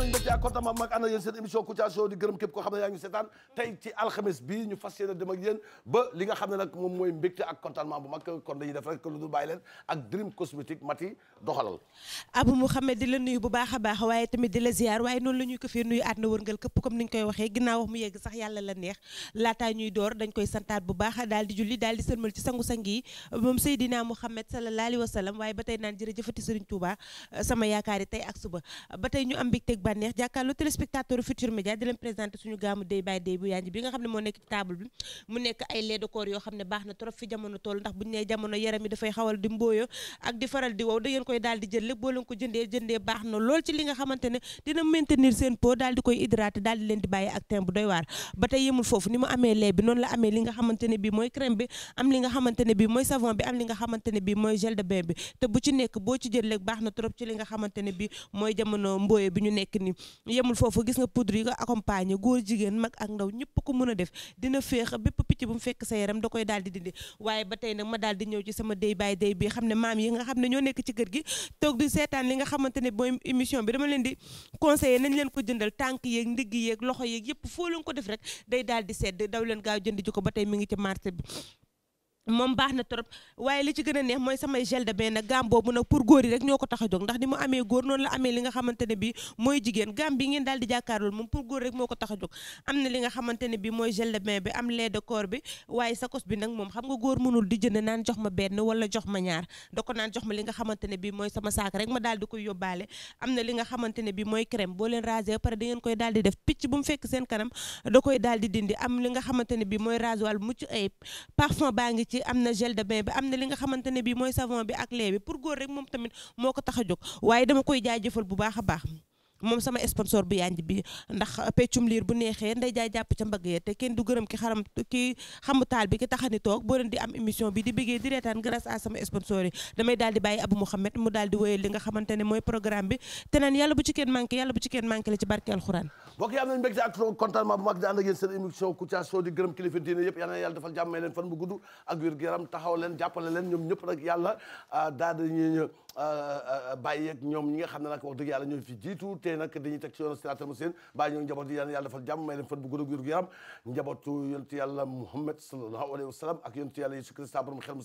nañ ba Mati doxalal Abou Mouhamed di la nuyu bu baax a baax waaye tamit di la ziar waaye noonu la ko fii nuyu àdduna wërngal këpp comme ni ñu koy waxee ginnaaw mu yegg sax yàlla la neex laataa ñuy door dañ koy santaat bu baax daal di julli daal di sëlmal ci sangu-sang yi moom Seydina Mouhamed sallallahu alayhi wa waaye ba tey naan jërëjëfati Serigne Touba sama yaakaar yi tey ak suba ba tey ñu am mbégteeg bànneex jàkkaarloo téléspectateur Futurs Médias di leen présenté suñu gaamu day by day bi nga xam ne moo nekk ci table bi mu nekk ay lait yoo xam ne baax na trop fi jamono toll ndax buñu nee jamono yaram da jël lépp boo leen ko jëndee jëndee baax na lool ci li nga xamante bi mooy crème bi am li nga xamante bi mooy savon bi am li nga xamante bi mooy gel de bain bi te bu ci nekk boo ci jël léeg baax na trop ci li nga xamante bi mooy jamono ni yemul foofu gis nga poudre yi ko accompagner góor jigéen mag ak ndaw ñëpp ko mën a def dina féex bépp picc bu mu fekk sa yaram da koy daal di dindi waaye ba tey nag ma daal di ñëw ci sama day baay day bi xam ne maam yi nga xam ne ñoo nekk ci kër gi toog di seetaan li nga xamante ne booy émission bi dama leen di conseiller nañ leen ko jëndal tànk yeeg ndigg yeeg loxo yeeg yëpp foo leen ko def rek day daal di sedd daw leen gaaw jënd ji ko ba tey mi ngi ci bi moom baax na trop waaye li ci gën a neex mooy samay gel de bain nag gaam boobu nag pour góor yi rek ñoo ko tax a jóg ndax ni mu amee góor noonu la amee li nga xamante ne bi mooy jigéen gaam bi ngeen di jàkkaarlool moom pour góor rek moo ko tax na li nga xamante mooy gel de bain bi am lait de corps bi waaye sakos bi nag di jënd naan jox ma benn wala jox ma ñaar ko naan jox ma li nga xamante ne bi mooy sama saak rek ma daal di koy yóbbaale am na li nga xamante ne bi mooy crème boo leen rasé pare da ngeen koy daal di def picc bu mu fekk seen kanam da koy daal di dindi am li nga xamante ne bi mooy rasoir mucc ayib parfum baa ngi ci am na gel de bain bi am na li nga xamante ne bii mooy savon bi ak lait bi pour góor rek moom tamit moo ko tax a jóg waaye dama koy jaajëfal bu baax a baax moom sama sponsor bu yanj bi ndax peccum liir bu neexee nday jaay jàpp ca mbagg ya te kenn du gërëm ki xaram ki xamu taal bi ki taxani toog boo leen di am émission bi di bëggee di reetaan grâce a sama sponsor yi damay daal di bàyyi la ci barke alxuraan mbokk yi am nañ ah, ah, ah, ñoom ñi nga xam ne nag wax dëgg yàlla ñoo fi jiitu dikkee nag njaboot yi defal jàmm may leen fan bu gën a wér yaram njabootu yontu Muhammad sallallahu alayhi wa ak yontu yàlla Yeesu Krista borom xel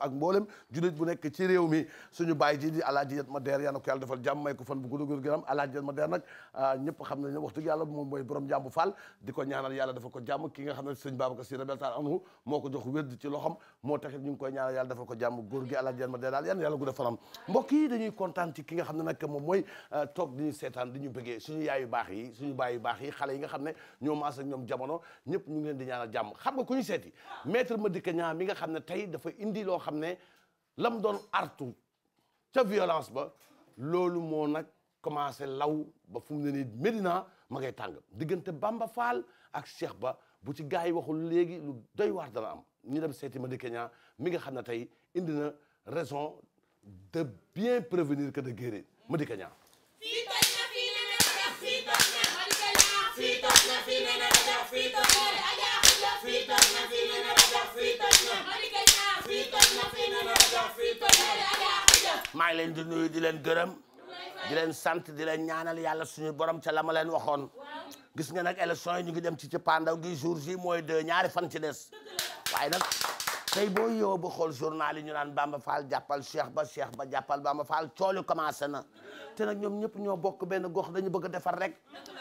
ak mboolem jullit bu nekk ci réew mi suñu bàyyi ji di alaaji ma deer yal ko yàlla defal jàmm may ko fan bu gudd ak yaram alaaji ma deer nag ah, ñëpp xam ne wax dëgg yàlla moom mooy borom jàmbu Fall di ko ñaanal yàlla dafa ko jàmm ki nga xam ne sëñ Babacar Si rabel taal anhu moo ko moo mbokk yi dañuy kontaan ci ki nga xam ne nag moom mooy euh, toog di ñu seetaan di ñu bëggee suñu yaay yu baax yi suñu baay yu baax yi xale yi nga xam ne ñoo maas ñoom jamono ñëpp ñu ngi leen di ñaanal jàmm xam nga ku ñu seeti maître Madické Niang mi nga xam ne tey dafa indi loo xam ne lam doon artu ca violence ba loolu moo nag commencé law ba fu mu ne nii ma ngay tàng diggante Bamba Fall ak Cheikh Ba bu ci gars yi waxul léegi lu doy waar dana am ñu dem seeti Madické Niang mi nga xam ne tey indi na raison de bien prévenir que de guérir Madické Niang fii toj na fii ne na def fii toj na Madické Niang fii toj na fii ne na def fii toj na Adja Khoudia fii toj na fii ne na def fii toj na Madické Niang fii toj na fii ne na def fii toj na Adja Khoudia maa ngi leen di nuyu di leen gërëm di leen sant di leen ñaanal yàlla suñu borom ca la ma leen waxoon gis nga nag élection yi ñu ngi dem ci ci pandaw gi jour ji mooy deux ñaari fan ci des waaye nag tey boo yow ba xool journal yi ñu naan Bamba Fall jàppal Cheikh ba Cheikh ba jàppal Bamba Fall coolu commencé na te nag ñoom ñëpp ñoo bokk benn gox dañu bëgg a defar rek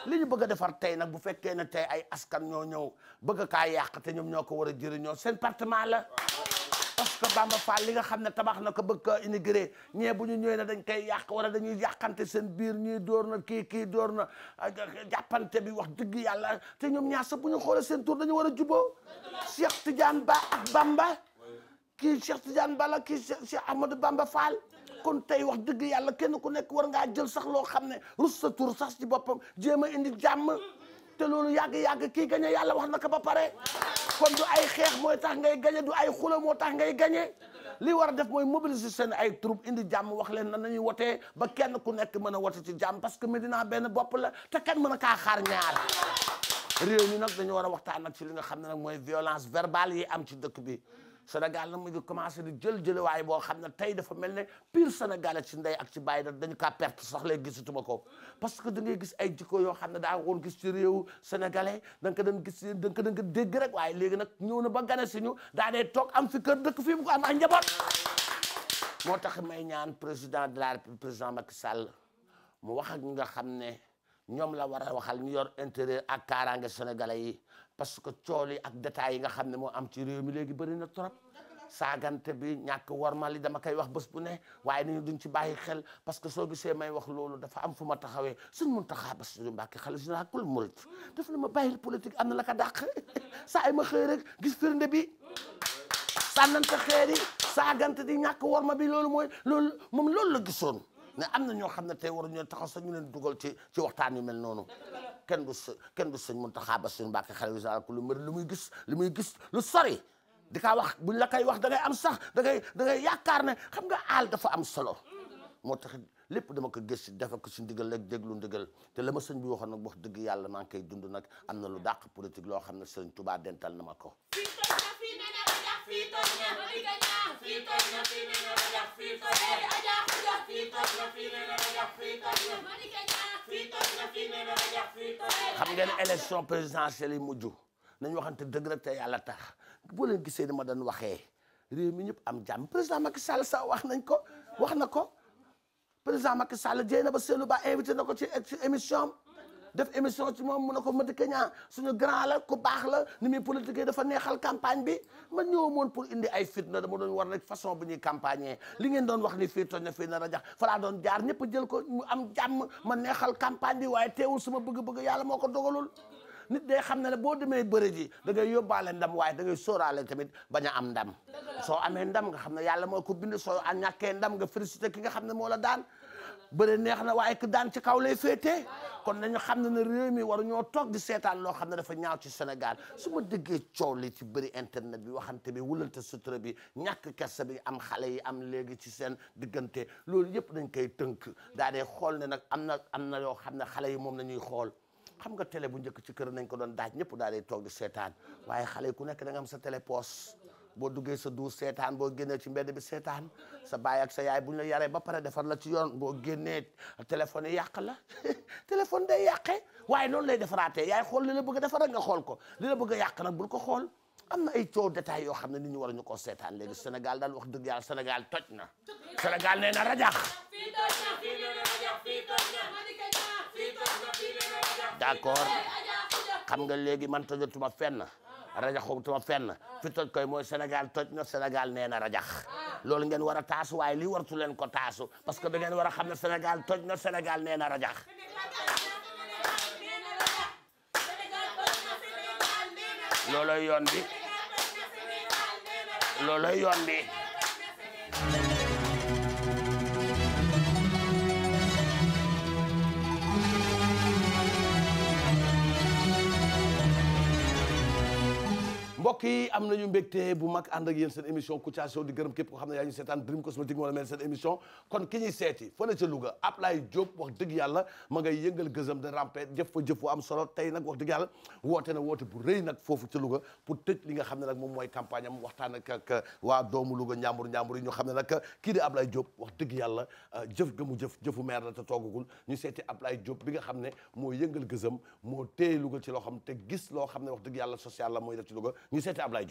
li ñu bëgg a defar tey nag bu fekkee ne tey ay askan ñoo ñëw bëgg kaa yàq te ñoom ñoo ko war a jëriñoo seen partement la que Bamba Fall li nga xam ne tabax na ko bëgg ko intégré ñee bu ñu ñëwee na dañ koy yàq wala dañuy yàqante seen biir ñii door na kii kii door na jàppante bi wax dëgg yàlla te ñoom ñaar sax bu ñu xoolee seen tur dañu war a juboo Cheikh Tidiane Ba ak Bamba kii Cheikh Tidiane bala la kii Cheikh Ahmadou Bamba Fall kon tey wax dëgg yàlla kenn ku nekk war ngaa jël sax loo xam ne rus sa tur sax ci boppam jéem a indi jàmm te loolu yàgg-yàgg kii gañe yàlla wax na ko ba pare kon du ay xeex mooy tax ngay gañe du ay xula moo tax ngay gañe li war a def mooy mobiliser seen ay troupe indi jàmm wax leen na nañuy wotee ba kenn ku nekk mën a wote ci jàmm parce que Medina benn bopp la te kenn mën a kaa xaar ñaar réew mi nag dañu war a waxtaan nag ci li nga xam ne nag mooy violence verbale yi am ci dëkk bi Sénégal nag mu ngi commencé di jël jëliwaay boo xam ne tey dafa mel ne pire sénégalais ci ndey ak ci bàyyi da dañu kaa perte sax léegi gisatuma ko parce que da ngay gis ay jikko yoo xam ne daa woon gis ci réew sénégalais da nga ko doon gis da nga ko dégg rek waaye léegi nag ñëw na ba gane si ñu daa dee toog am fi kër dëkk fii mu ko am ak njaboot moo tax may ñaan président de la président Macky Sall mu wax ak ñi nga xam ne ñoom la war a waxal ñu yor intérêt ak kaaraange sénégalais yi parce que cool yi ak détails yi nga xam ne moo am ci réew mi léegi bëri na trop saagante bi ñàkk li dama koy wax bés bu ne waaye nañu duñ ci bàyyi xel parce que soo gisee may wax loolu dafa am fu ma taxawee suñ mun taxaa bas suñu mbàkki xale suñu akul murit daf na ma bàyyil politique am na la ka dàq saa ay ma xëy rek gis firnde bi sànnante xeer yi saagante di ñàkk warma bi loolu mooy loolu moom loolu la gisoon ne am na ñoo xam ne tey waruñoo taxaw sax ñu leen dugal ci ci waxtaan yu mel noonu kenn du su kenn du sëñ Muntaxa Basiru Mbàkke xalifa général ku lu mër lu muy gis lu muy gis lu sori di kaa wax buñ la koy wax da ngay am sax da ngay ne xam nga aal dafa am solo moo tax lépp dama ko gëstu defe ko si ndigal rek déglu ndigal te la ma sëñ bi waxoon nag wax dëgg yàlla maa ngi koy dund nag am na lu dàq politique loo xam ne sëñ Tuubaa dental na ma ko fii toj na fii toj na fii toj na fii nee na la yàq fii toj na aja aja fii toj na fii nee na la yàq fii toj na fii toj na fii nee na la yàq fii toj na. xam ngeen élection présidentielle yi mujj nañu waxante dëgg rek te yàlla tax boo leen gisee ni ma doon waxee réew mi ñëpp am jàmm président Macky Sall sa wax nañ ko wax na ko président Macky Sall jéey na ba Seydou Ba invité na ko ci émission am. def émission ci moom mu ne ko Madické Niang suñu grand la ku baax la ni muy politique dafa neexal campagne bi man ñëwoon pour indi ay fitna dama doon war rek façon bu ñuy campagne li ngeen doon wax ni fii toj na fii nar a jax fa doon jaar ñëpp jël ko mu am jàmm ma neexal campagne bi waaye teewul sama bëgg-bëgg yàlla moo ko dogalul nit day xam ne ne boo demee bëre ji da yóbbaale ndam waaye da ngay sóoraale tamit bañ am ndam soo amee ndam nga xam ne yàlla moo ko bind soo ñàkkee ndam nga félicité ki nga xam ne moo la daan bëre neex na waaye ku daan ci kaw lay féetee kon nañu xam ne ne réew mi war ñoo toog di seetaan loo xam ne dafa ñaaw ci Sénégal su ma déggee coow li ci bëri internet bi waxante bi wulante sutura bi ñàkk kersa bi am xale yi am léegi ci seen diggante loolu yëpp dañ koy tënk daa dee xool ne nag am na am na yoo xam ne xale yi moom la ñuy xool xam nga télé bu njëkk ci kër nañ ko doon daaj ñëpp daa dee toog di seetaan waaye xale ku nekk da am sa télé boo duggee sa duus seetaan boo génnee ci mbedd bi seetaan sa baay ak sa yaay bu ñu la yaree ba pare defar la ci yoon boo génnee téléphone yi yàq la téléphone day yàqee waaye noonu lay defaraatee yaay xool li la bëgg a nga xool ko li la bëgg a yàq nag bul ko xool am na ay coow détail yoo xam ne nit ñi war ñu koo seetaan léegi Sénégal daal wax dëgg yàlla senegal toj na senegal nee na rajax d'accord xam nga léegi man tojatuma fenn rajaxum tuma fenn ah. fi toj koy mooy senegal toj na senegal nee na rajax ah. loolu ngeen war a taasu waaye lii wartu leen ko taasu parce que da ngeen war a xam ne Sénégal toj na Sénégal nee na rajax looloy yoon bi looloy yoon bi mbokk yi am nañu mbégte bu mag ànd ak yéen seen émission Kouthia Show di gërëm képp ko xam ne yaa ñu seetaan Dream Cosmétique moo la mel seen émission kon ki ñuy seeti fële ca Louga Ablaye Diop wax dëgg yàlla ma ngay yëngal gësam de rampe jëf fa jëf wu solo tey nag wax dëgg yàlla woote na woote bu rëy nag foofu ca Louga pour li nga xam ne nag moom mooy campagne am waxtaan ak waa doomu Louga njàmbur njàmbur yi ñu xam ne nag kii di Ablaye Diop wax dëgg yàlla euh, jëf ga mu jëf jëfu maire la te toogagul ñu seeti Ablaye Diop bi nga xam ne moo yëngal gësam moo tee Louga ci loo xam te gis loo xam ne wax dëgg yàlla social la mooy def ci Louga ñu seeti Ablaye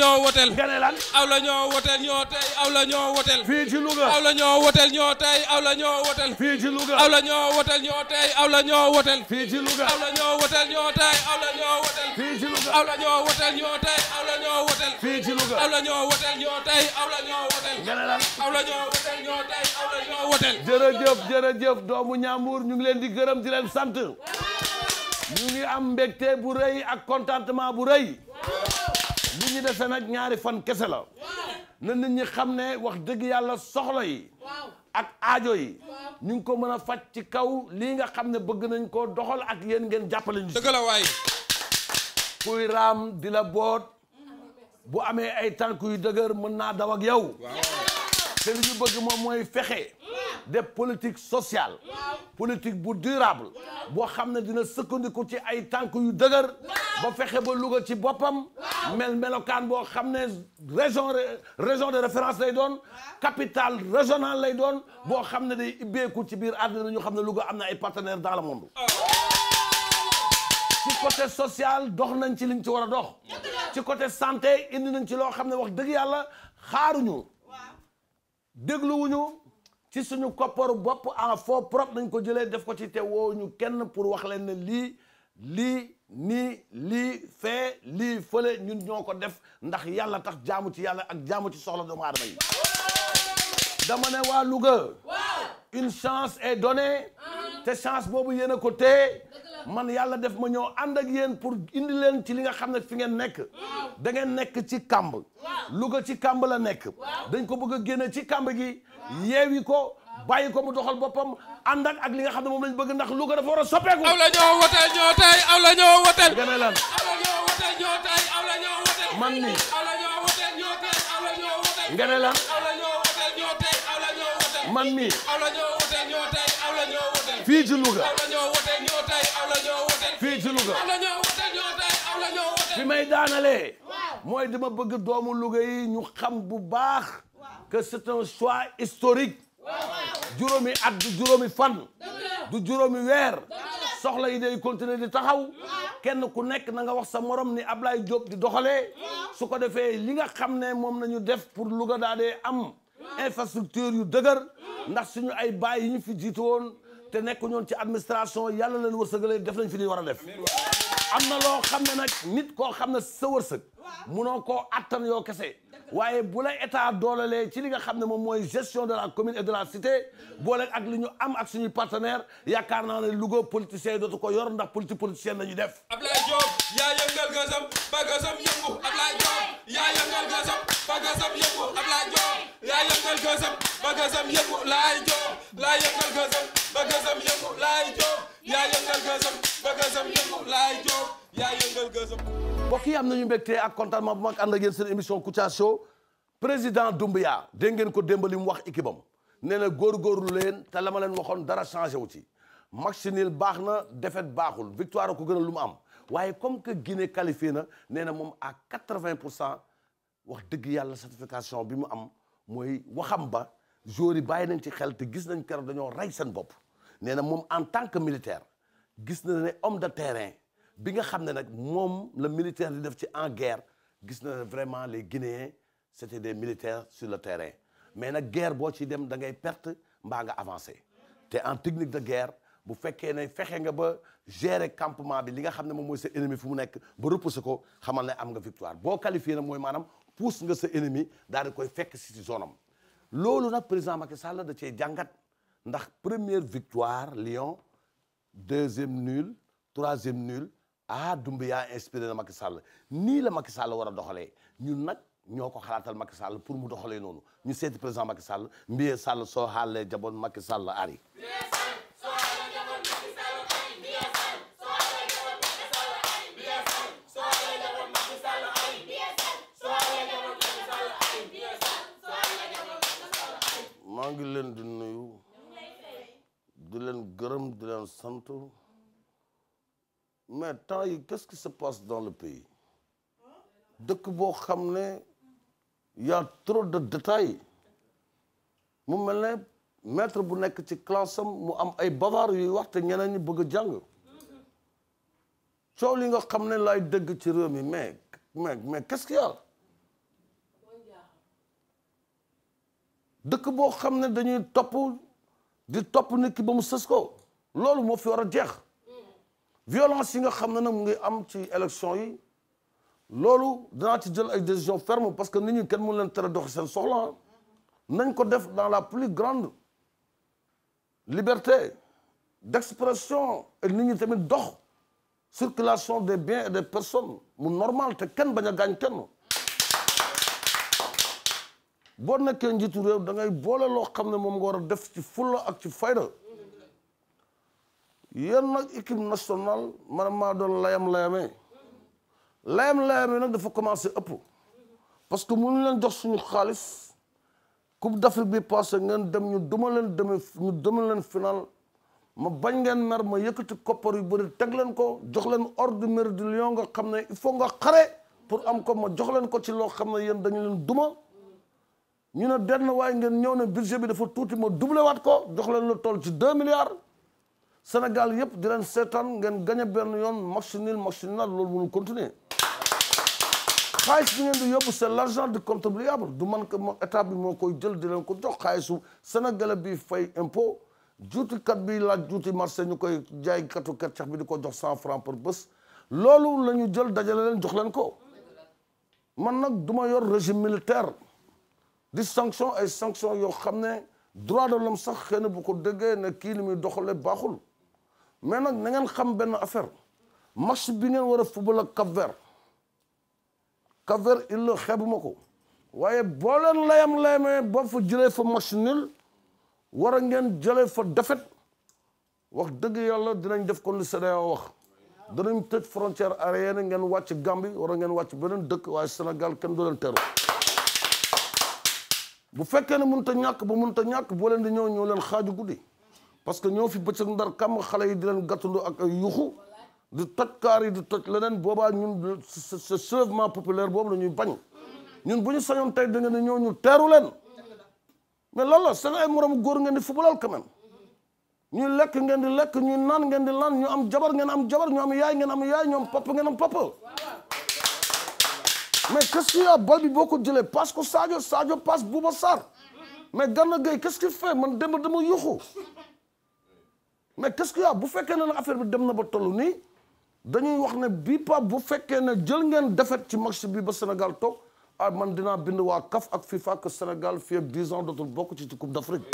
aw la ñoo wotel ñoo tey aw la ñoo wotel fii tey aw la ñoo wotel aw la ñoo wotel ñoo tey aw la ñoo wotel aw la ñoo wotel ñoo tey aw la jërëjëf jërëjëf doomu ñaamur ñu ngi leen di gërëm di leen sant ñu ngi am mbégte bu rey ak contentement bu rëy li ñu dese nag ñaari fan kese la na nit ñi xam ne wax dëgg yàlla soxla yi ak aajo yi ñu ngi ko mën a faj ci kaw lii nga xam ne bëgg nañ koo doxal ak yéen ngeen jàppale ñu dëgg la waay kuy raam di la boot bu amee ay tànk yu dëgër mën naa daw ak yow te li ñu bëgg moom mooy fexe def politique social politique bu durable boo xam ne dina sukkandiku ci ay tànk yu dëgër ba fexe ba Louga ci boppam mel melokaan boo xam ne région région de référence lay doon capitale régionale lay doon boo xam ne day ibbeeku ci biir àddina ñu xam ne Louga am na ay partenaires dans le monde oh. ci côté social dox nañ ci liñ ci war a dox ci côté santé indi nañ ci loo xam ne wax dëgg yàlla xaaruñu dégluwuñu ci suñu kopparu bopp en fond propre nañ ko jëlee def ko ci te woowuñu kenn pour wax leen ne lii lii ni lii fee lii fële ñun ñoo ko def ndax yàlla tax jaamu ci yàlla ak jaamu ci soxla doomu aadama yi dama ne waa Louga une chance est donnée te chance boobu yéen ko téye man yàlla def ma ñëw ànd ak yéen pour indi leen ci li nga xam ne fi ngeen nekk da ngeen nekk ci kàmb lu ci kàmb la nekk dañ ko bëgg a génne ci kàmb gi yeewi ko bàyyi ko mu doxal boppam ànd ak ak li nga xam ne moom lañ bëgg ndax lu ko dafa war a soppeeku aw la ñoo wotel la ñoo wotel gëna lan la ñoo wotel ñoo tey aw la ñoo wotel man la ñoo wotel ñoo mi fii ci Louga. fii ci Louga. fi may daanalee. mooy dama bëgg doomu Louga yi ñu xam bu baax. que c'est un choix historique. juróomi at du juróomi fan. du juróomi weer. soxla yi day continuer di taxaw. kenn ku nekk na nga wax sa moroom ni Ablaye Diop di doxalee. su ko defee li nga xam ne moom nañu def pour Louga daa dee am. infrastructure yu dëgër. ndax suñu ay baay ñu fi jiitu woon. te nekk ñoon ci administration yàlla leen wërsëgale def nañ fi li war a def am na loo xam ne nag nit koo xam ne sa mu noo ko attan yoo kese waaye bu la état doolelee ci li nga xam ne moom mooy gestion de la commune et de la cité boole ak li ñu am ak suñuy partenaire yaakaar naa ne Louga politiciens yi dootu ko yor ndax politique politicienne la ñu def Ablaye Diop yaa yëngal gasam ba gasam yëngu yaa yëngal gasam ba gësëm yëngu Ablaye Diop yaa yëngal gësëm ba gësëm yëngu laay Diop laa yëngal ba gësëm yëngu laay Diop ba gësëm yëngu laay Diop yaa yëngal gësëm. mbokk yi am nañu mbégte ak contentement bu mag ànd ak yéen seen émission Kouthia Show président Doumbouya dégg ngeen ko démb li mu wax équipe am nee na góorgóorlu leen te la ma leen waxoon dara changé wu ci. match nul baax na defet baaxul victoire ko gën a lu mu am waaye comme que Guinée qualifié na nee na moom à 80 pour cent. wax dëgg yàlla certification bi mu am mooy waxam ba joueurs yi bàyyi nañ ci xel te gis nañ keroog dañoo rey seen bopp nee na moom en tant que militaire gis nañ ne homme de terrain bi nga xam ne nag moom la militaire di def ci en guerre gis na ne vraiment les Guinéens c'était des militaires sur le terrain mais na guerre boo ci dem da ngay perte mbaa nga avancé te en technique de guerre bu fekkee ne fexe nga ba gérer campement bi li nga xam ne moom mooy sa ennemi fu mu nekk ba repousser ko xamal ne am nga victoire boo qualifié na mooy maanaam pousse nga sa ennemi daal di koy fekk si si zone am loolu nag président Macky Sall da cee jàngat ndax première victoire Lyon deuxième nul troisième nul ah Doumbouya inspiré na Macky Sall nii la Macky Sall war a doxalee ñun nag ñoo ko xalaatal Macky Sall pour mu doxalee noonu ñu seet président Macky Sall mbiyee Sall soo xaalee jaboon Macky Sall ari maa ngi leen di nuyu di leen gërëm di leen sant mais temps yi qu'est-ce qui se passe dans le pays dëkk boo xam ne y a trop de détails mu mel ne maître bu nekk ci classe am mu am ay bavard yuy wax te ñeneen ñi bëgg a jàng coow li nga xam ne laay dégg ci réew mi mais mais mais qu'est-ce qu'il dëkk boo xam ne dañuy topp di topp nit ki ba mu sës ko loolu moo fi war a jeex violence yi nga xam ne nag mu ngi am ci élection yi loolu danaa ci jël ay décision ferme parce que nit ñi kenn mënu leen tere doxi seen soxla nañ ko def dans la plus grande liberté d'expression et nit ñi tamit dox circulation des biens et des personnes mu normal te kenn bañ a gaañ kenn boo nekkee njiitu réew dangay boole loo xam ne moom nga war a def ci fulla ak ci fayda yéen nag équipe nationale man maa doon layam-layamee layam-layamee nag dafa commencé ëpp parce que mënuñ leen jox suñu xaalis coupe d'Afrique bi passé ngeen dem ñu duma leen deme ñu duma leen final ma bañ ngeen mer ma yëkkati koppar yu bëri teg leen ko jox leen ordre mérite du lion nga xam ne il faut nga xare pour am ko ma jox leen ko ci loo xam ne yéen dañu leen duma ñu ne benn waaye ngeen ñëw ne budget bi dafa tuuti moo doublé waat ko jox leen lu toll ci deux milliards Sénégal yëpp di leen seetaan ngeen gagné benn yoon match nul match nul loolu mënul continuer xaalis ngeen di yóbbu c'est l'argent du contribuable du man que moom état bi moo koy jël di ko jox xaalisu sénégalais bi fay impo juutikat bi laaj juuti marché ñu koy jaay katu kercax bi di ko jox cent francs par bés loolu la ñu jël dajale leen jox leen ko man nag du ma yor régime militaire di sanction ay sanction yoo xam ne droit de l'homme sax xëy na bu ko dëggee ne kii ni muy doxalee baaxul mais nag na ngeen xam benn affaire match bi ngeen war a football ak Cap-Vert Cap-Vert il la xeebuma ko waaye boo leen layam layamee boo fa jëlee fa match nul war a ngeen jëlee fa defet wax dëgg yàlla dinañ def kon li CEDEAO wax danañ tëj frontière aérienne ngeen wàcc Gambie war a ngeen wàcc beneen dëkk waaye Sénégal kenn du leen bu fekkee ne mënut a ñàkk ba mënut ñàkk boo leen di ñëw ñoo leen xaaju guddi parce que ñoo fi bëccëg ndar kam xale yi di leen gàttandu ak ay yuxu di toj kaar yi di toj leneen boobaa ñun ce soulèvement populaire boobu la ñuy bañ ñun bu ñu sañoon tey da ngeen di ñëw ñu teeru leen mais lan la seen ay moromu góor ngeen di fubalal quand même ñuy lekk ngeen di lekk ñuy naan ngeen di laan ñu am jabar ngeen am jabar ñu am yaay ngeen am yaay ñu am papa ngeen am papa mais qu'est-ce bal bi boo ko jëlee passe ko Sadio Sadio passe Bouba Sarr mais ganna gay qu'est-ce man dem dama yuxu mais qu'est-ce qu'il y a bu fekkee ne affaire bi dem na ba toll nii dañuy wax ne bii pa bu fekkee ne jël ngeen defet ci match bi ba Sénégal toog ah man dinaa bind waa kaf ak FIFA que Sénégal fii ak 10 ans dootul bokk ci Coupe d'Afrique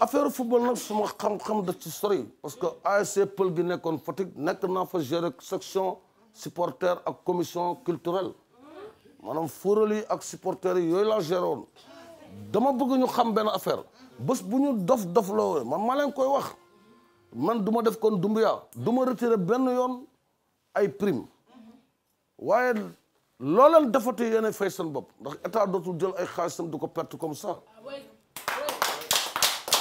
affaire football nag suma xam-xam da ci sori parce que ASC Pël gi nekkoon Fatick nekk naa fa gérer section supporter ak commission culturelle maanaam fóoral ak supporters yi yooyu laa gérer woon dama bëgg ñu xam benn affaire bés bu ñu dof dof la woon man maa leen koy wax man duma def kon dumbuyaa du ma benn yoon ay prime waaye loo leen defati yéen fay seen bopp ndax état dootul jël ay xaalisam du ko perte comme ça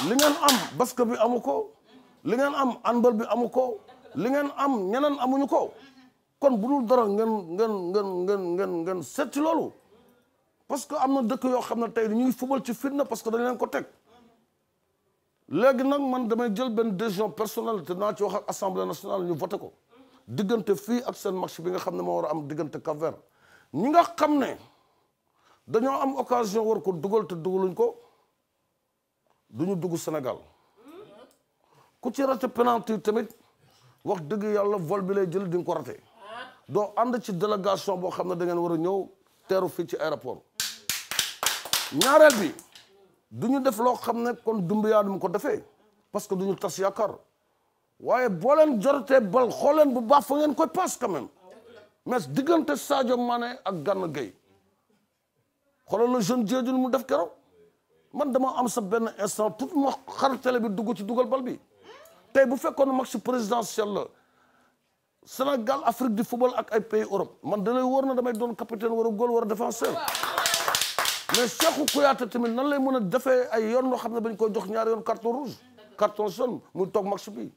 li ngeen am basket bi amu ko li ngeen am handball bi amu ko li ngeen am ñeneen amuñu ko kon bu dul dara ngeen ngeen ngeen ngeen ngeen ngeen seet loolu parce que am na dëkk yoo xam ne tey ñuy fubal ci fitna parce que da leen ko teg léegi nag man damay jël benn décision personnelle te naa ci wax ak assemblée nationale ñu voté ko diggante fii ak seen match bi nga xam ne moo war a am diggante cap ñi nga xam ne dañoo am occasion war ko dugal te dugaluñ ko du ñu dugg Sénégal ku ci raté penalty tamit wax dëgg yàlla vol bi lay jël di ko raté doo ànd ci délégation boo xam ne da ngeen war a ñëw teeru fii ci aéroport ñaareel bi du ñu def loo xam ne kon dumbiyaa mu ko defee parce que du ñu tas yaakaar waaye boo leen jorotee bal xool leen bu baax fa ngeen ko paas quand même mais diggante Sadio Mané ak Gana Gueye xoolal la jeune jeejun mu def keroog man dama am sa benn instant pour ma xar télé bi dugg ci dugal bal bi tey bu fekkoon match présidentiel la Sénégal Afrique du football ak ay pays Europe man da lay wóor na damay doon capitaine war a góol war a défenseur mais Cheikhou Kouyaté tamit nan lay mën a defee ay yoon loo xam ne bañ koy jox ñaari yoon carton rouge carton jaune mu toog match bi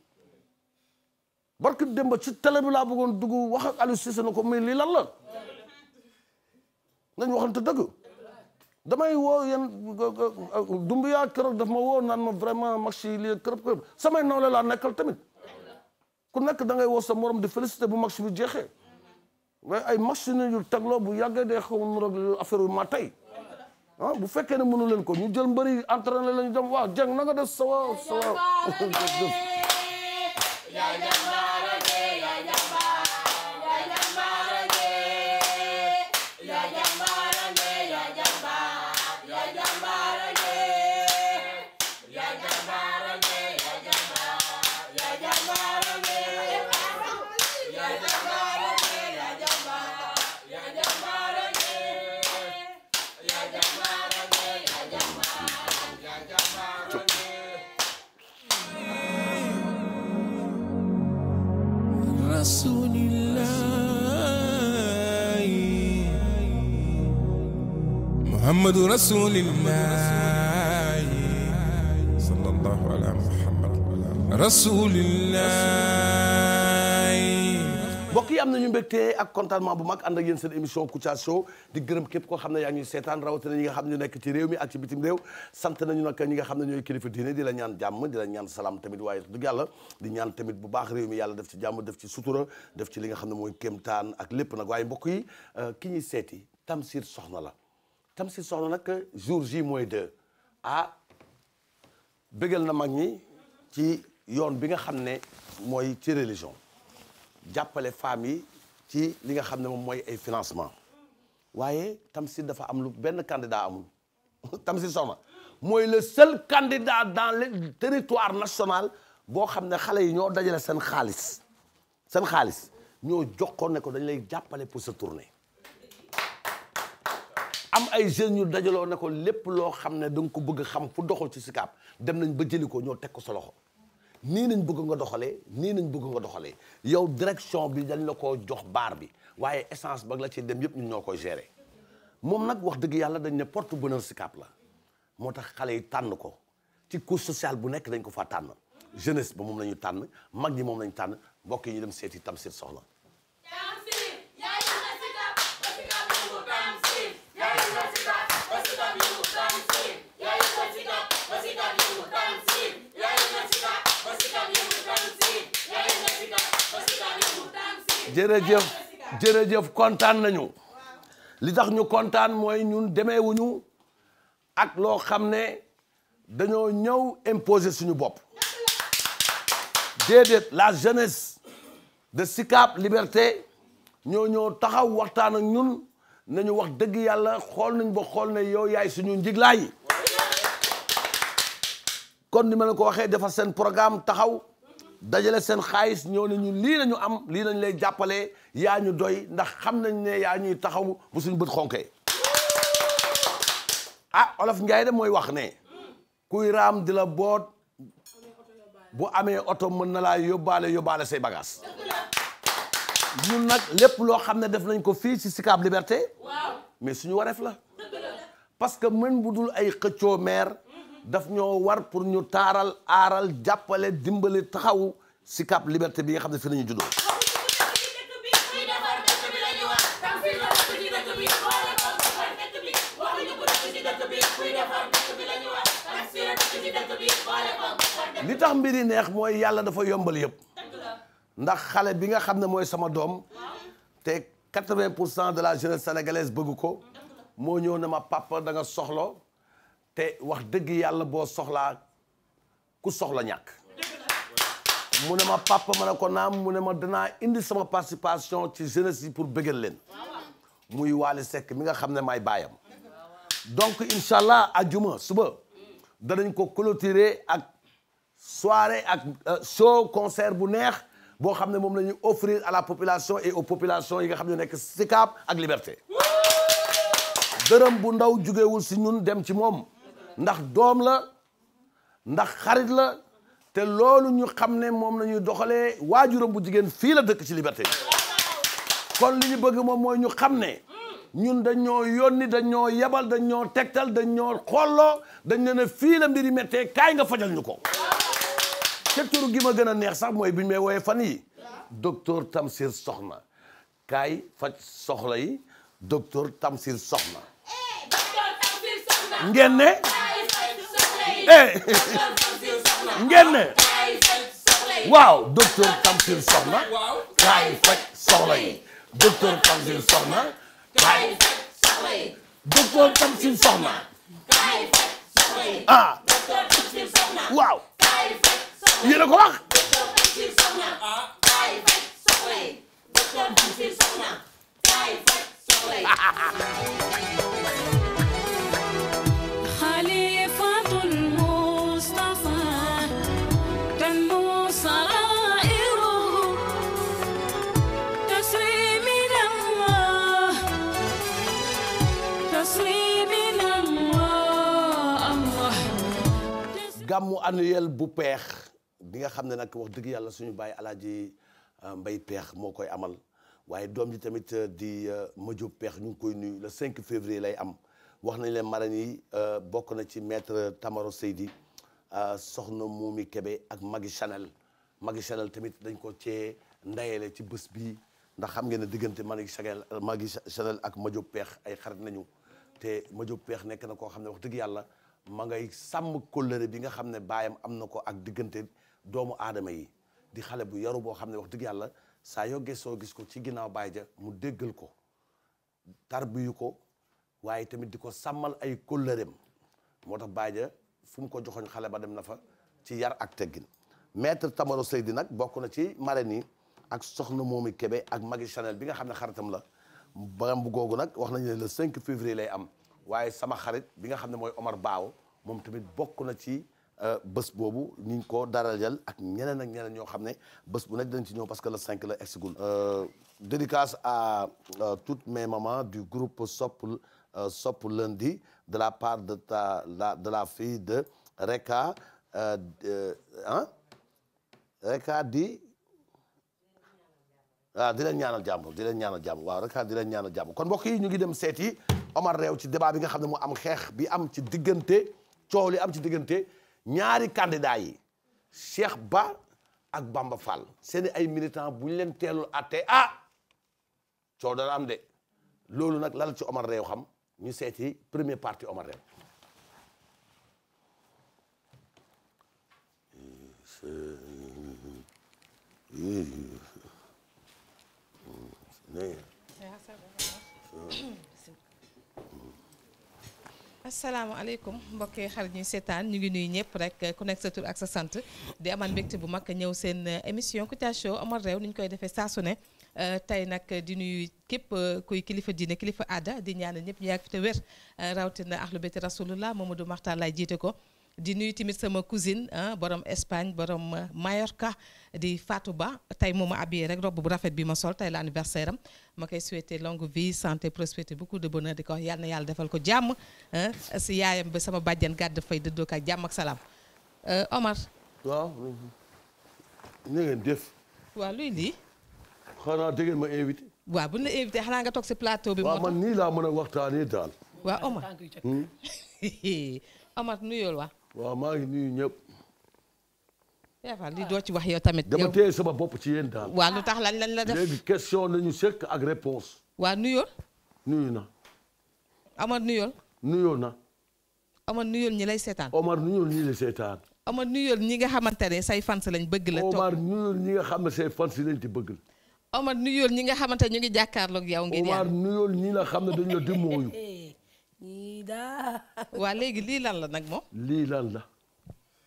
barke Demba ci télé bi laa bëggoon dugg wax ak na ko mais lii lan la nañ waxante dëgg damay woo yéen Dumbuya keroog daf ma woo nan ma vraiment match yi lii kërëb kërëb samay nawle laa nekkal tamit ku nekk da ngay woo sa morom di félicité bu match bu jeexee waaye ay match ni yu tegloo bu yàggee day xaw nuroog affaire bi ma tey ah bu fekkee ne mënu leen ko ñu jël mbëri entraîné la ñu dem waa jeng na nga def sawa sawa Muhammadu Rasulillah sallallahu ala Muhammad Rasulillah mbokk yi am nañu mbégte ak bu mag ànd a yéen seen émission Show di gërëm képp koo xam ne yaa ngi seetaan rawatina ñi nga xam ne ñu nekk ci réew mi ak ci bitim réew sant nañu nag ñi nga xam ne ñooy kilifa diine di la ñaan jàmm di la ñaan salaam tamit waaye dugg yàlla di ñaan tamit bu baax réew mi yàlla def ci jàmm def ci sutura def ci li nga xam ne mooy kéemtaan ak lépp nag waaye mbokk yi euh, ki ñuy seeti Tamsir soxna la Tamsir Soxna nag jour ji mooy de ah bëggal na mag ñi ci yoon bi nga xam ne mooy ci religion jàppale femmes yi ci li nga xam ne moom mooy ay financement waaye Tamsir dafa am lu benn candidat amul Tamsir Soxna mooy le seul candidat dans le territoire national boo xam ne xale yi ñoo dajale seen xaalis seen xaalis ñoo jokkoon ko ne ko dañ lay jàppale pour sa tournée am ay jeunes ñu dajaloo ne ko lépp loo xam ne da nga ko bëgg xam fu doxal ci Sicap dem nañ ba jëli ko ñoo teg ko sa loxo nii nañ bëgg nga doxalee nii nañ bëgg nga doxalee yow direction bi dañ la ko jox baar bi waaye essence ba la ci dem yëpp ñun ñoo ko gérer moom nag wax dëgg yàlla dañ ne porte bonheur Sicap la moo tax xale yi tànn ko ci couche sociale bu nekk dañ ko faa tànn jeunesse ba moom la ñu tànn mag ñi moom la tànn mbokk yi ñu dem seeti Tamsir Soxna jërëjëf jërëjëf kontaan nañu li tax ñu kontaan mooy ñun demeewuñu ak loo xam ne dañoo ñëw imposer suñu bopp déedéet la jeunesse de Sicap Liberté ñoo ñoo taxaw waxtaan ak ñun nañu wax dëgg yàlla xool nañu ba xool ne yow yaay suñu njiglaay kon ni ma la ko waxee defar seen programme taxaw dajale seen xaalis ñoo ne ñu lii nañu am lii nañ lay jàppale yaa ñu doy ndax xam nañ ne yaa ñuy taxaw bu suñu bët xonkee ah olof Njaay de mooy wax ne kuy raam di la boot bu amee oto mën na laa yóbbaale yóbbaale say bagage ñu nag lépp loo xam ne def nañ ko fii ci Sicap Liberté mais suñu wareef la parce que mën bu dul ay xëccoo maire daf ñoo war pour ñu taaral aaral jàppale dimbali taxawu si cap Liberté bi nga xam ne fi nañu juddoo li tax mbir yi neex mooy yàlla dafa yombal yëpp ndax xale bi nga xam ne mooy sama doom te 80 pour cent de la jeunesse sénégalaise bëgg ko moo ñëw ne ma papa da nga soxlo te wax dëgg yàlla boo soxlaa ku soxla ñàkk mu ne ma papa ma ne ko naam mu ne ma danaa indi sama participation ci jeunesse yi pour bëggal leen muy Waly sekk mi nga xam ne maay baayam donc incha allah juma suba danañ ko clôturer ak soirée ak euh, show concert bu neex boo xam ne moom la ñuy offrir à la population et aux populations yi nga xam ne nekk Sicap ak Liberté dërëm bu ndaw jugewul si ñun dem ci moom ndax doom la ndax xarit la te loolu ñu xam ne moom la ñuy doxalee waajuram bu jigéen fii la dëkk ci liberté kon li ñu bëgg moom mooy ñu xam ne ñun dañoo yónni dañoo yebal dañ ñoo tegtal dañ dañoo xolloo dañ ne fii la mbiri mettee kaay nga fajal ñu ko ca turu gi ma gën a neex sax mooy bi ñu may wooyee fan yi docteur Tamsir Soxna kaay faj soxla yi docteur Tamsir Soxna eh, ngeen ne Eh. ngeen ne waaw docteur Tamsir Soxna kaay faj soxla yi docteur Tamsir Soxna kaay faj soxla yi docteur Tamsir Soxna kaay faj soxla yi ah waaw yéen a ko wax xale gàmmu annuel bu peex bi nga xam ne nag wax dëgg yàlla suñu bàyyi alaaji euh, mbay peex moo koy amal waaye doom ji tamit euh, di euh, Madiop peex ñu ngi koy nuyu le 5 février lay am wax nañ leen marraines yi bokk na ci maître Tamaro Seydi soxna Moumi kebe ak Magui Chanel magi Chanel tamit dañ ko cee ndayele ci bés bi ndax xam ngeen ne diggante Magui Chanel Magui Chanel ak Madiop peex ay xarit nañu te Madiop peex nekk na koo xam ne wax dëgg yàlla ma ngay sàmm kóllëre bi nga xam ne baayam am na ko ak diggante doomu aadama yi di xale bu yaru boo xam ne wax dëgg yàlla saa yoo gëstoo gis ko ci ginnaaw baay ja mu déggal ko tarbiyu ko waaye tamit di ko sàmmal ay kóllëreem moo tax baay ja fu mu ko joxoñ xale ba dem na fa ci yar ak teggin maître Tamaro Seydi nag bokk na ci marraine yi ak soxna Momi kebe ak magi Chanel bi nga xam ne xaritam la baram bu googu nag wax nañu ne le 5 février lay am waaye sama xarit bi nga xam ne mooy Omar Baaw moom tamit bokk na ci euh, bés boobu ñu ngi ko jal ak ñeneen ak ñeneen ñoo xam ne bés bu nekk dañ ci ñëw parce que le 5 la exigul euh, dédicace à euh, tout mes mamans du groupe Sopp Sopp Lundi de la part de la de la fille de Reka ah Reka di waaw ah, di leen ñaanal jàmm di leen ñaanal jàmm waaw Reka di leen ñaanal jàmm kon mbokk yi ñu ngi dem seeti Omar Rew ci débat bi nga xam ne moo am xeex bi am ci diggante coow li am ci diggante ñaari candidat yi Cheikh Ba ak Bamba Fall seeni ay militant bu ñu leen teelul àtte ah coow dana am de loolu nag lal ci Omar Rew xam ñu seeti premier parti Omar Rew asalaamaaleykum mbokki xarit ñuy seetaan ñu ngi nuyu ñëpp rek ku nekk sa tur ak sa sant di amal mbégte bu mag ñëw seen euh, émission Kouthia Show amal réew ni ñu koy defee saa ne euh, tey nag di nuyu képp euh, kuy kilifa diine kilifa aada di ñaanal ñëpp ñu yàgg fi te wér rawatina ahlu bayti rasulullah Mamadou Makhtar lay jiite ko. di nuyu tamit sama cousine ah, borom Espagne borom ka ah, di faatu Ba tey moo ma habillé rek robe bu rafet bi ma sol tey la anniversaire am ma koy souhaiter longue vie santé prospérité beaucoup de bonheur di ko wax na yàlla defal ko jàmm ah, si yaayam ba sama bàjjen gàdd fay dëddoo ak jàmm ak salaam eh, Omar. waaw. def. waaw luy lii. xanaa dégg ma invité. waaw bu ñu invité xanaa nga toog si plateau bi. moo tax waaw man nii laa mën a waxtaanee daal. waaw Omar. Hmm? Omar nuyool waaw maa ngi nuyu ñëpp. li doo ci wax yow tamit. dama téye sama bopp ci yéen daal. waa lu tax lan lañ la def léegi question la ñu sekk ak réponse waa nuyoo. nuyu na. Amar nuyoo. nuyoo na. Amar nuyoo ñi lay seetaan. Omar nuyoo ñi lay seetaan. Omar ñi nga xamante ne say fans lañ bëgg la. toog Omar nuyoo ñi nga xam ne say fans lañ bëgg la. Omar nuyoo ñi nga xamante ne ñu ngi jàkkaarloog yow. ngeen yàlla Omar nuyoo ñi nga xam ne dañu la dimbali. yi daal. waa léegi lii lan la nag moo lii lan la.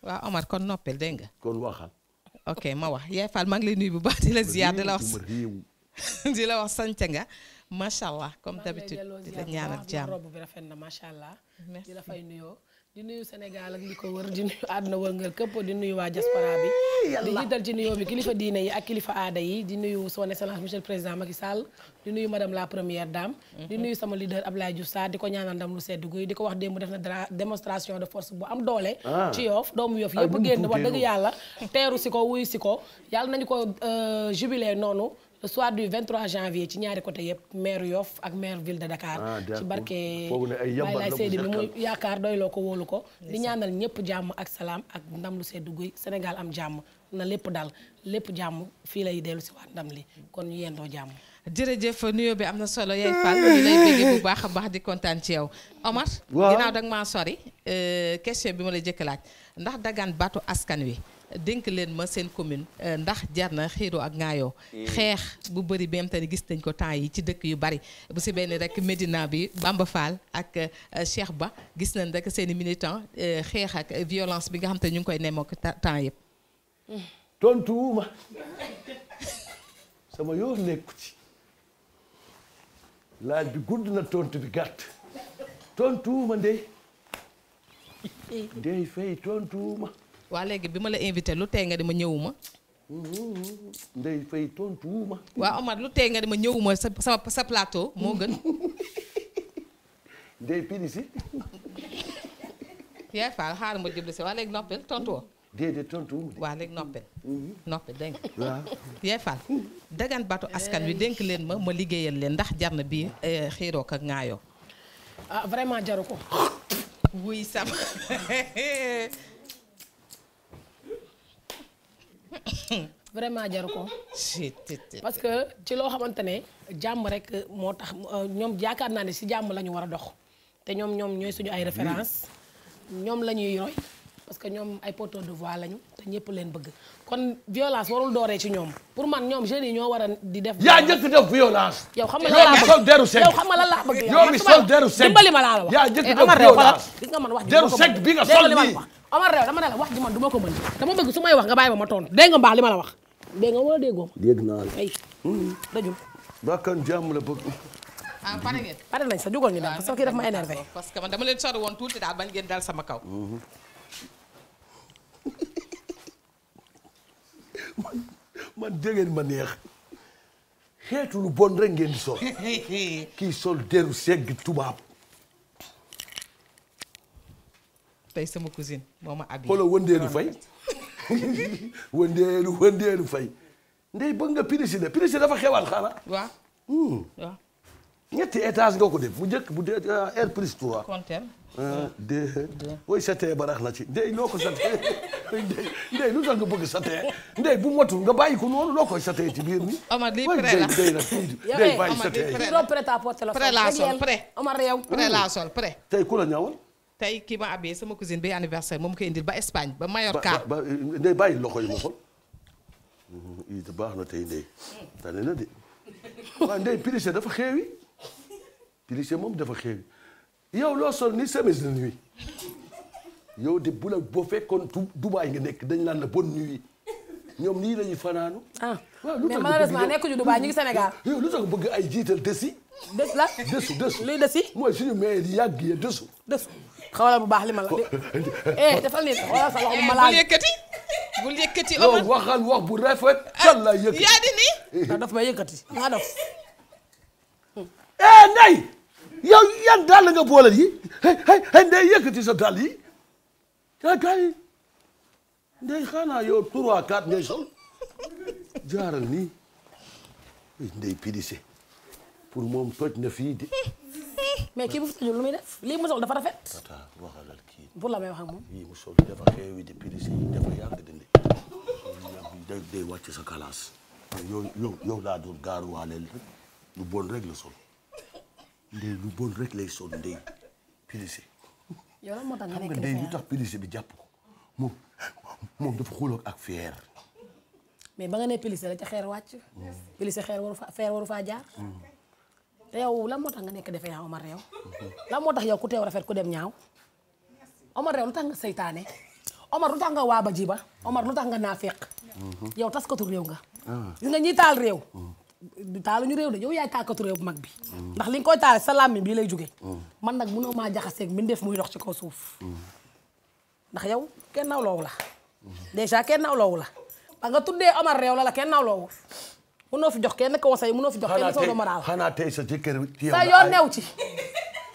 waaw Omar kon noppel dégg nga. kon waxal. ok ma wax yaay Fall maa ngi lay bu baax di la ziar di la wax di la wax sant nga macha allah comme d'habitude di la ñaanal jàmm bi rafet na macha la fay nuyoo. di nuyu Sénégal ak li ko wër di nuyu àdduna wërngër këpp di nuyu waa diaspora bi di kilifa diine yi ak kilifa aada yi di nuyu son excellence monsieur le président Macky Sall di nuyu madame la première dame di mhm. nuyu sama leader Abdoulaye Diouf Sarr di ko ñaanal ndam lu sedd guy di ko wax démb def na démonstration de force bu am doole ah. ci yoof doomu yoof yëpp génn wax dëgg yàlla teeru si ko wuyu si ko yàlla nañu ko euh, jubilé noonu soit soir du 23 janvier ci ñaari côté yëpp maire Yoff ak maire ville de Dakar. Ah, ci barke Baye Laye Seydi bi mu yaakaar doyloo ko wóolu ko. li ñaanal ñëpp jàmm ak salaam ak ndam lu seddu guy Sénégal am jàmm na lépp dal lépp jàmm fii lay dellu si waat ndam li kon ñu yendoo jàmm. jërëjëf nuyo bi am na solo yaay Fall ñu lay bëgg bu baax a baax di kontaan ci yow. Omar. waaw ginnaaw da nga maa sori euh, question bi ma la jëkk laaj ndax dagaan baatu askan wi. dénk leen ma seen commune euh, ndax jar na xiiroo ak ngaayoo mm. xeex bu bari bi am te gis nañ ko temps yi ci dëkk yu bari bu si benn rek Médina bi Bamba Fall ak euh, Cheikh Ba gis nañ rek seeni i militant euh, xeex ak violence bi nga xam te ñu ngi koy nemmook temps yëpp tontuwuma sama yoon nekku ci laaj bi gudd na tontu bi gàtt tontuwuma ndey ndey fay tontuwuma waa léegi bi ma la invité lu tey nga di ma ñëwuma. ndey fay tontuwuma. waaw Omar lu tey nga di ma ñëwuma sa sa plateau moo gën. ndey pini si. Yaay ma jublu si waa léegi noppel tontu woo. déedéet tontu wu waa léegi noppel. Mm-hmm. noppel dégg dagan batu askan wi denk leen ma ma liggéeyal leen ndax jar na bii eh, xiiroo ak ah vraiment jaru ko. wuy sam vraiment jaru ko. parce que ci loo xamante ne jàmm rek moo tax ñoom yaakaar naa ne si jàmm la ñu war a dox te ñoom ñoom ñooy suñu ay référence ñoom la ñuy roy parce que ñoom ay porteurs de voix lañu te ñëpp leen bëgg kon violence warul dooree ci ñoom pour man ñoom jeunes yi ñoo war a di def. yaa njëkk def violence. yow xam nga lan laa bëgg yow xam nga lan laa bëgg yow. yow mi sol deru sec dimbali ma laa la wax. yaa njëkk eh, def violence gis nga man wax. deru sec bi nga sol nii Omar Rew dama ne la wax ji man ko mën dama bëgg su may wax nga bàyyi ba ma tontu dégg nga mbaax li ma la wax dégg nga wala ma. dégg la ay. dajul. bakkan jàmm la bëgg. ah pare ngeen. pare sa jugal dem parce que ah, que man dama leen sori woon tuuti daal bañ ngeen dal sama kaw. man man dégg ma neex xeetu lu bon rek ngeen di sol. kii sol deru segg tubaab. tey sama cousine moo ma ab xoolal wëndeelu fay wëndeelu wëndeelu fay ndey bëgg nga pirisile pirisile dafa xewal xaaral waaw hmm. waaw ñetti étage nga ko def bu njëkk bu dee air euh, plus trois compteur un deux woy satee barax na ci ndey loo ko satee ndey ndey lu tax nga bëgg satee ndey bu motul nga bàyyi ko noonu loo koy satee ci biir ni Omar lii prêt la ndey nag ndey bàyyi satee yi prêt la sol prêt Omar yow prêt la sol prêt tey ku la ñawal tey kii ma abee sama cousine bi anniversaire moom ko indil ba Espagne ba Mallorca. ba ndey bàyyi loxo yi ma xool. Mhm, yii baax na tey ndey. tane dafa xeewi Pélissé moom dafa xeewi yow loo sol ni chemise de nuit yow de bu la boo fekkoon Dubaay nga nekk dañ naan la bonne nuit ñoom nii la fanaanu. ah mais malheureusement nekkuñu Dubaay ñu ngi Sénégal. lu tax bëgg ay jiital desi. des la desu desu luy si mooy suñu maire yàgg ya desu. desu. xawala bu baax li ma la eh defal ni xoolal bu ma laal bul yëkkati bul yëkkati Omar waxal wax bu rafet kan la yëkkati yaa di daf may yëkkati nga def eh ndey yow yan dàll nga boolal yi ndey yëkkati sa dàll yi ka kay ndey xanaa yow trois quatre ngay jaaral nii ndey pidise pour moom toj na fii de mais kii bu fi tëjul lu muy def lii mu sol dafa rafet. waxalal kii. pour la may wax ak moom. yii mu sol dafa xeewi di pilis yi dafa yàgg dindi. day day wàcc sa kalaas. yow yow yow laa doon gaaruwaaleel rek lu bon rek la sol ndey lu bon rek lay sol ndey pilis yi. yow moo tax nga nekk ndey lu tax pilis bi jàpp ko moom moom dafa xuloo ak feer. mais ba nga ne pilis la ca xeer wàcc. Mm. pilis xeer waru fa feer waru faa jaar. Mm. te lan moo tax nga nekk defee yaa Omar réew lan moo tax yow ku teew rafet ku dem ñaaw Omar réew nga seytaane Omar lu tax nga waaba ji ba Omar lu tax nga naafeq yow taskatu réew nga ah. gis nga ñiy taal réew mm. taaluñu ñu de yow yaay taalkatu réew bu mag bi ndax li nga koy taal sa làmmiñ bii lay jóge mm. man nag mënoo maa jaxaseeg mbindeef muy dox ci koo suuf mm. ndax yow kenn nawloowu la déjà kenn nawloowu la ba nga tuddee Omar réew la la kenn nawloowu mënoo fi jox kenn conseil mënoo fi jox kenn solo moral xanaa tey sa jëkkër ci yow la sa yoon new ci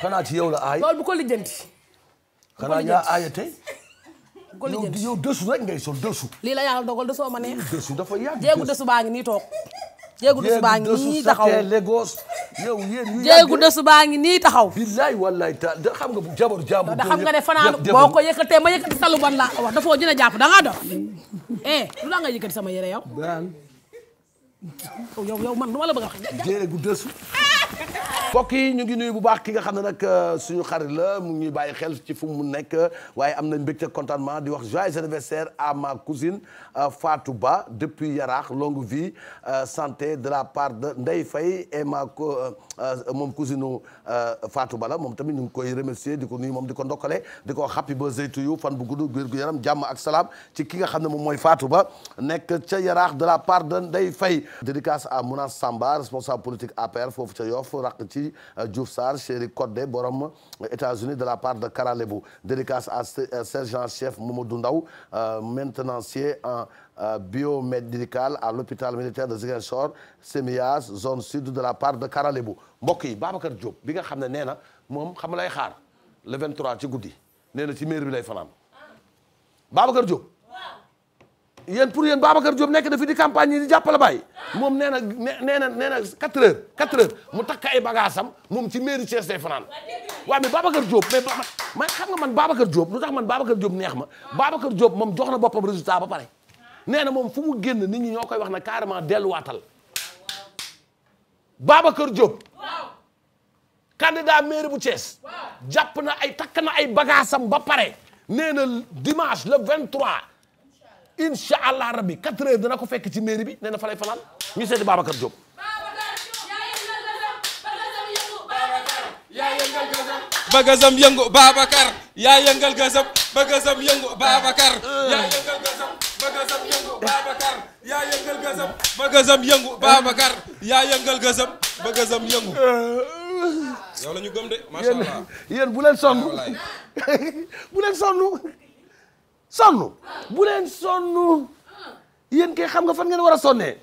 xanaa ci yow la ay loolu bu ko lijjanti xanaa yaa aaya tey ko lijjanti yow dësu rek ngay sol dësu lii la yàlla dogal dësoo ma neex dësu dafa yàgg jéegu baa ngi nii toog jéegu dësu baa ngi nii taxaw Lagos yow baa ngi nii taxaw billaay wallaay da xam nga bu jabaru jaamu da xam nga ne fanaan boo ko yëkkatee ma yëkkati salu ban la wax dafoo jën a jàpp da ngaa dox eh lu la nga yëkkati sama yére yow yow man lu ma la bëgg a yi ñu ngi nuyu bu baax ki nga xam ne nag euh, suñu xarit la mu ngi bàyyi xel ci fu mu nekk waaye am nañ mbégte contentement di wax joyeux anniversaire à ma cousine euh, faatu Ba depuis Yaraax longue vie euh, santé de la part de Ndeye Faye et ma moom cousine Fatou Ba la moom tamit ñu ngi koy remercier di ko nuyu moom di ko ndokkale di ko happy birthday to you fan bu gudd wér gu yaram jàmm ak salaam ci ki nga xam ne moom mooy Fatou Ba nekk ca Yaraax de la part de Ndeye Faye dédicace à Mounas Samba responsable politique APR foofu ca Yoff rakk ci euh, Diouf Sarr chéri Codé borom euh, États-Unis de la part de Karalebou dédicace à euh, sergent chef Mamadou Ndaw maintenancier en biomédical à l'hôpital militaire de Ziguinchor Sémias zone sud de la part de Karalebou mbokk yi Babacar Diop bi nga xam ne nee na moom xam lay xaar le 23 ci guddi nee na ci mairie bi lay fanaan yéen pour yéen Babacar Diop nekk na fi di campagne yi di jàppale Baye moom nee na nee na nee na 4 heures 4 mu takk ay bagages am moom ci mairie Thiès day fanaan waaw mais Babacar Diop mais man xam nga man Babacar Diop lu tax man Babacar Diop neex ma Babacar Diop moom jox na boppam résultat ba pare nee na moom fu mu génn nit ñi ñoo koy wax na carrément delluwaatal Babacar Diop candidat mairie bu Thiès jàpp na ay takk na ay bagages am ba pare nee na dimanche le 23. incha allah rabbi 4 heures dana ko fekk ci mairie bi nee na fa lay fanaan ñu seeti Babacar Diop. ba gazam yëngu Babacar yaa yëngal gazam ba gazam yëngu Babacar yaa yëngal gazam ba gazam yëngu Babacar yaa yëngal gazam ba gazam yëngu Babacar yaa yëngal gazam ba gazam yëngu. yow la ñu gëm de macha allah yéen bu leen sonn bu leen sonn. sonn bu leen sonn yéen kay xam nga fan ngeen war a sonnee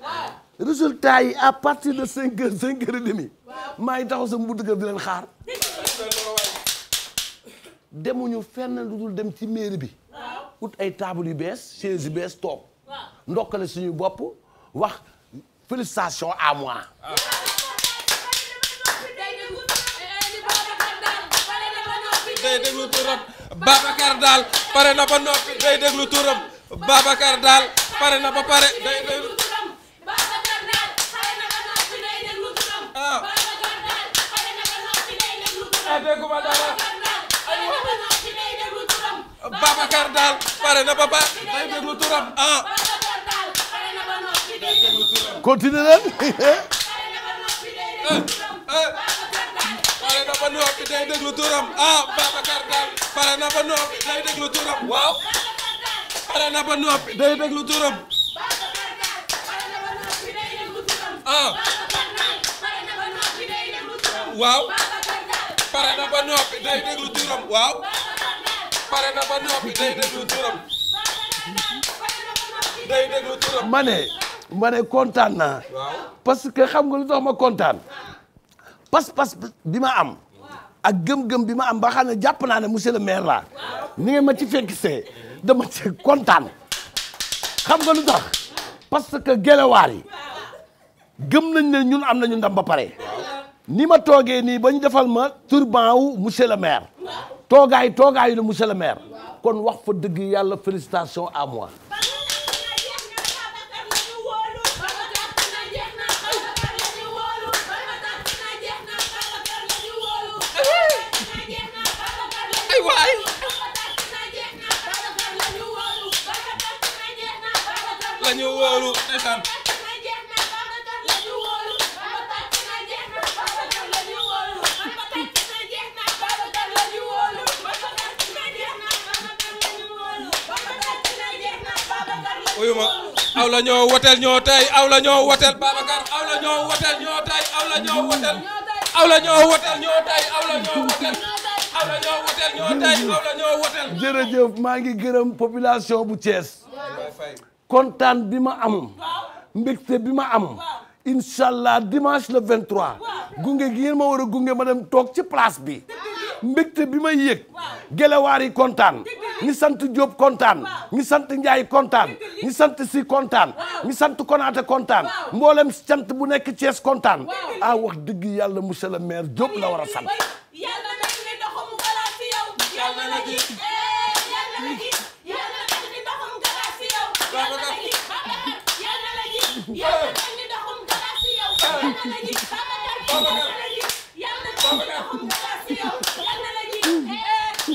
résultat yi à partir de cinq heures cinq heures et demi maa ngi taxaw sa buntu kër di leen xaar demuñu fenn lu dul dem ci maire bi ut ay taabul yu bees chaise yu bees toog ndokkale suñu bopp wax félicitations à moi pare na ba noppi day déglu turam daal pare na ba pare day déglu turam Babacar daal ah. daal pare na ba noppi day déglu turam eh, dégguma dara daal pare na ba ba day déglu turam ah na ba noppi day déglu turam ah, na ba noppi day déglu turam waaw pare na ah. na parce que xam nga lu tax ma kontaan pas-pas bi ma am ak gëm-gëm bi ma am ba xam ne jàpp naa ne monsieur le maire laa ni nga ma ci fekk see dama ci kontaan xam nga lu tax parce que gelewaar yi gëm nañ ne ñun am nañu ndam ba pare ni ma toogee nii ba ñu defal ma turban wu monsieur le maire toogaay toogaayu ne monsieur le maire kon wax fa dëgg yàlla félicitation à moi aw la ñoo woteel ñoo tey aw la ñoo woteel jërëjëf maa ngi gërëm population bu Thiès kontaan bi ma am mbégte bi ma am incha allah dimanche le 23 gunge gi ngeen ma war a gunge ma dem toog ci place bi mbégte bi may yëg gelewaar yi kontaan ñi sant Diop kontaan ñi sant Ndiaye kontaan ñi sant si kontaan ñi sant Konaate kontaan mboolem sant bu nekk Thiès kontaan ah wax dëgg yàlla monsieur le maire Diop la war a sant. yàlla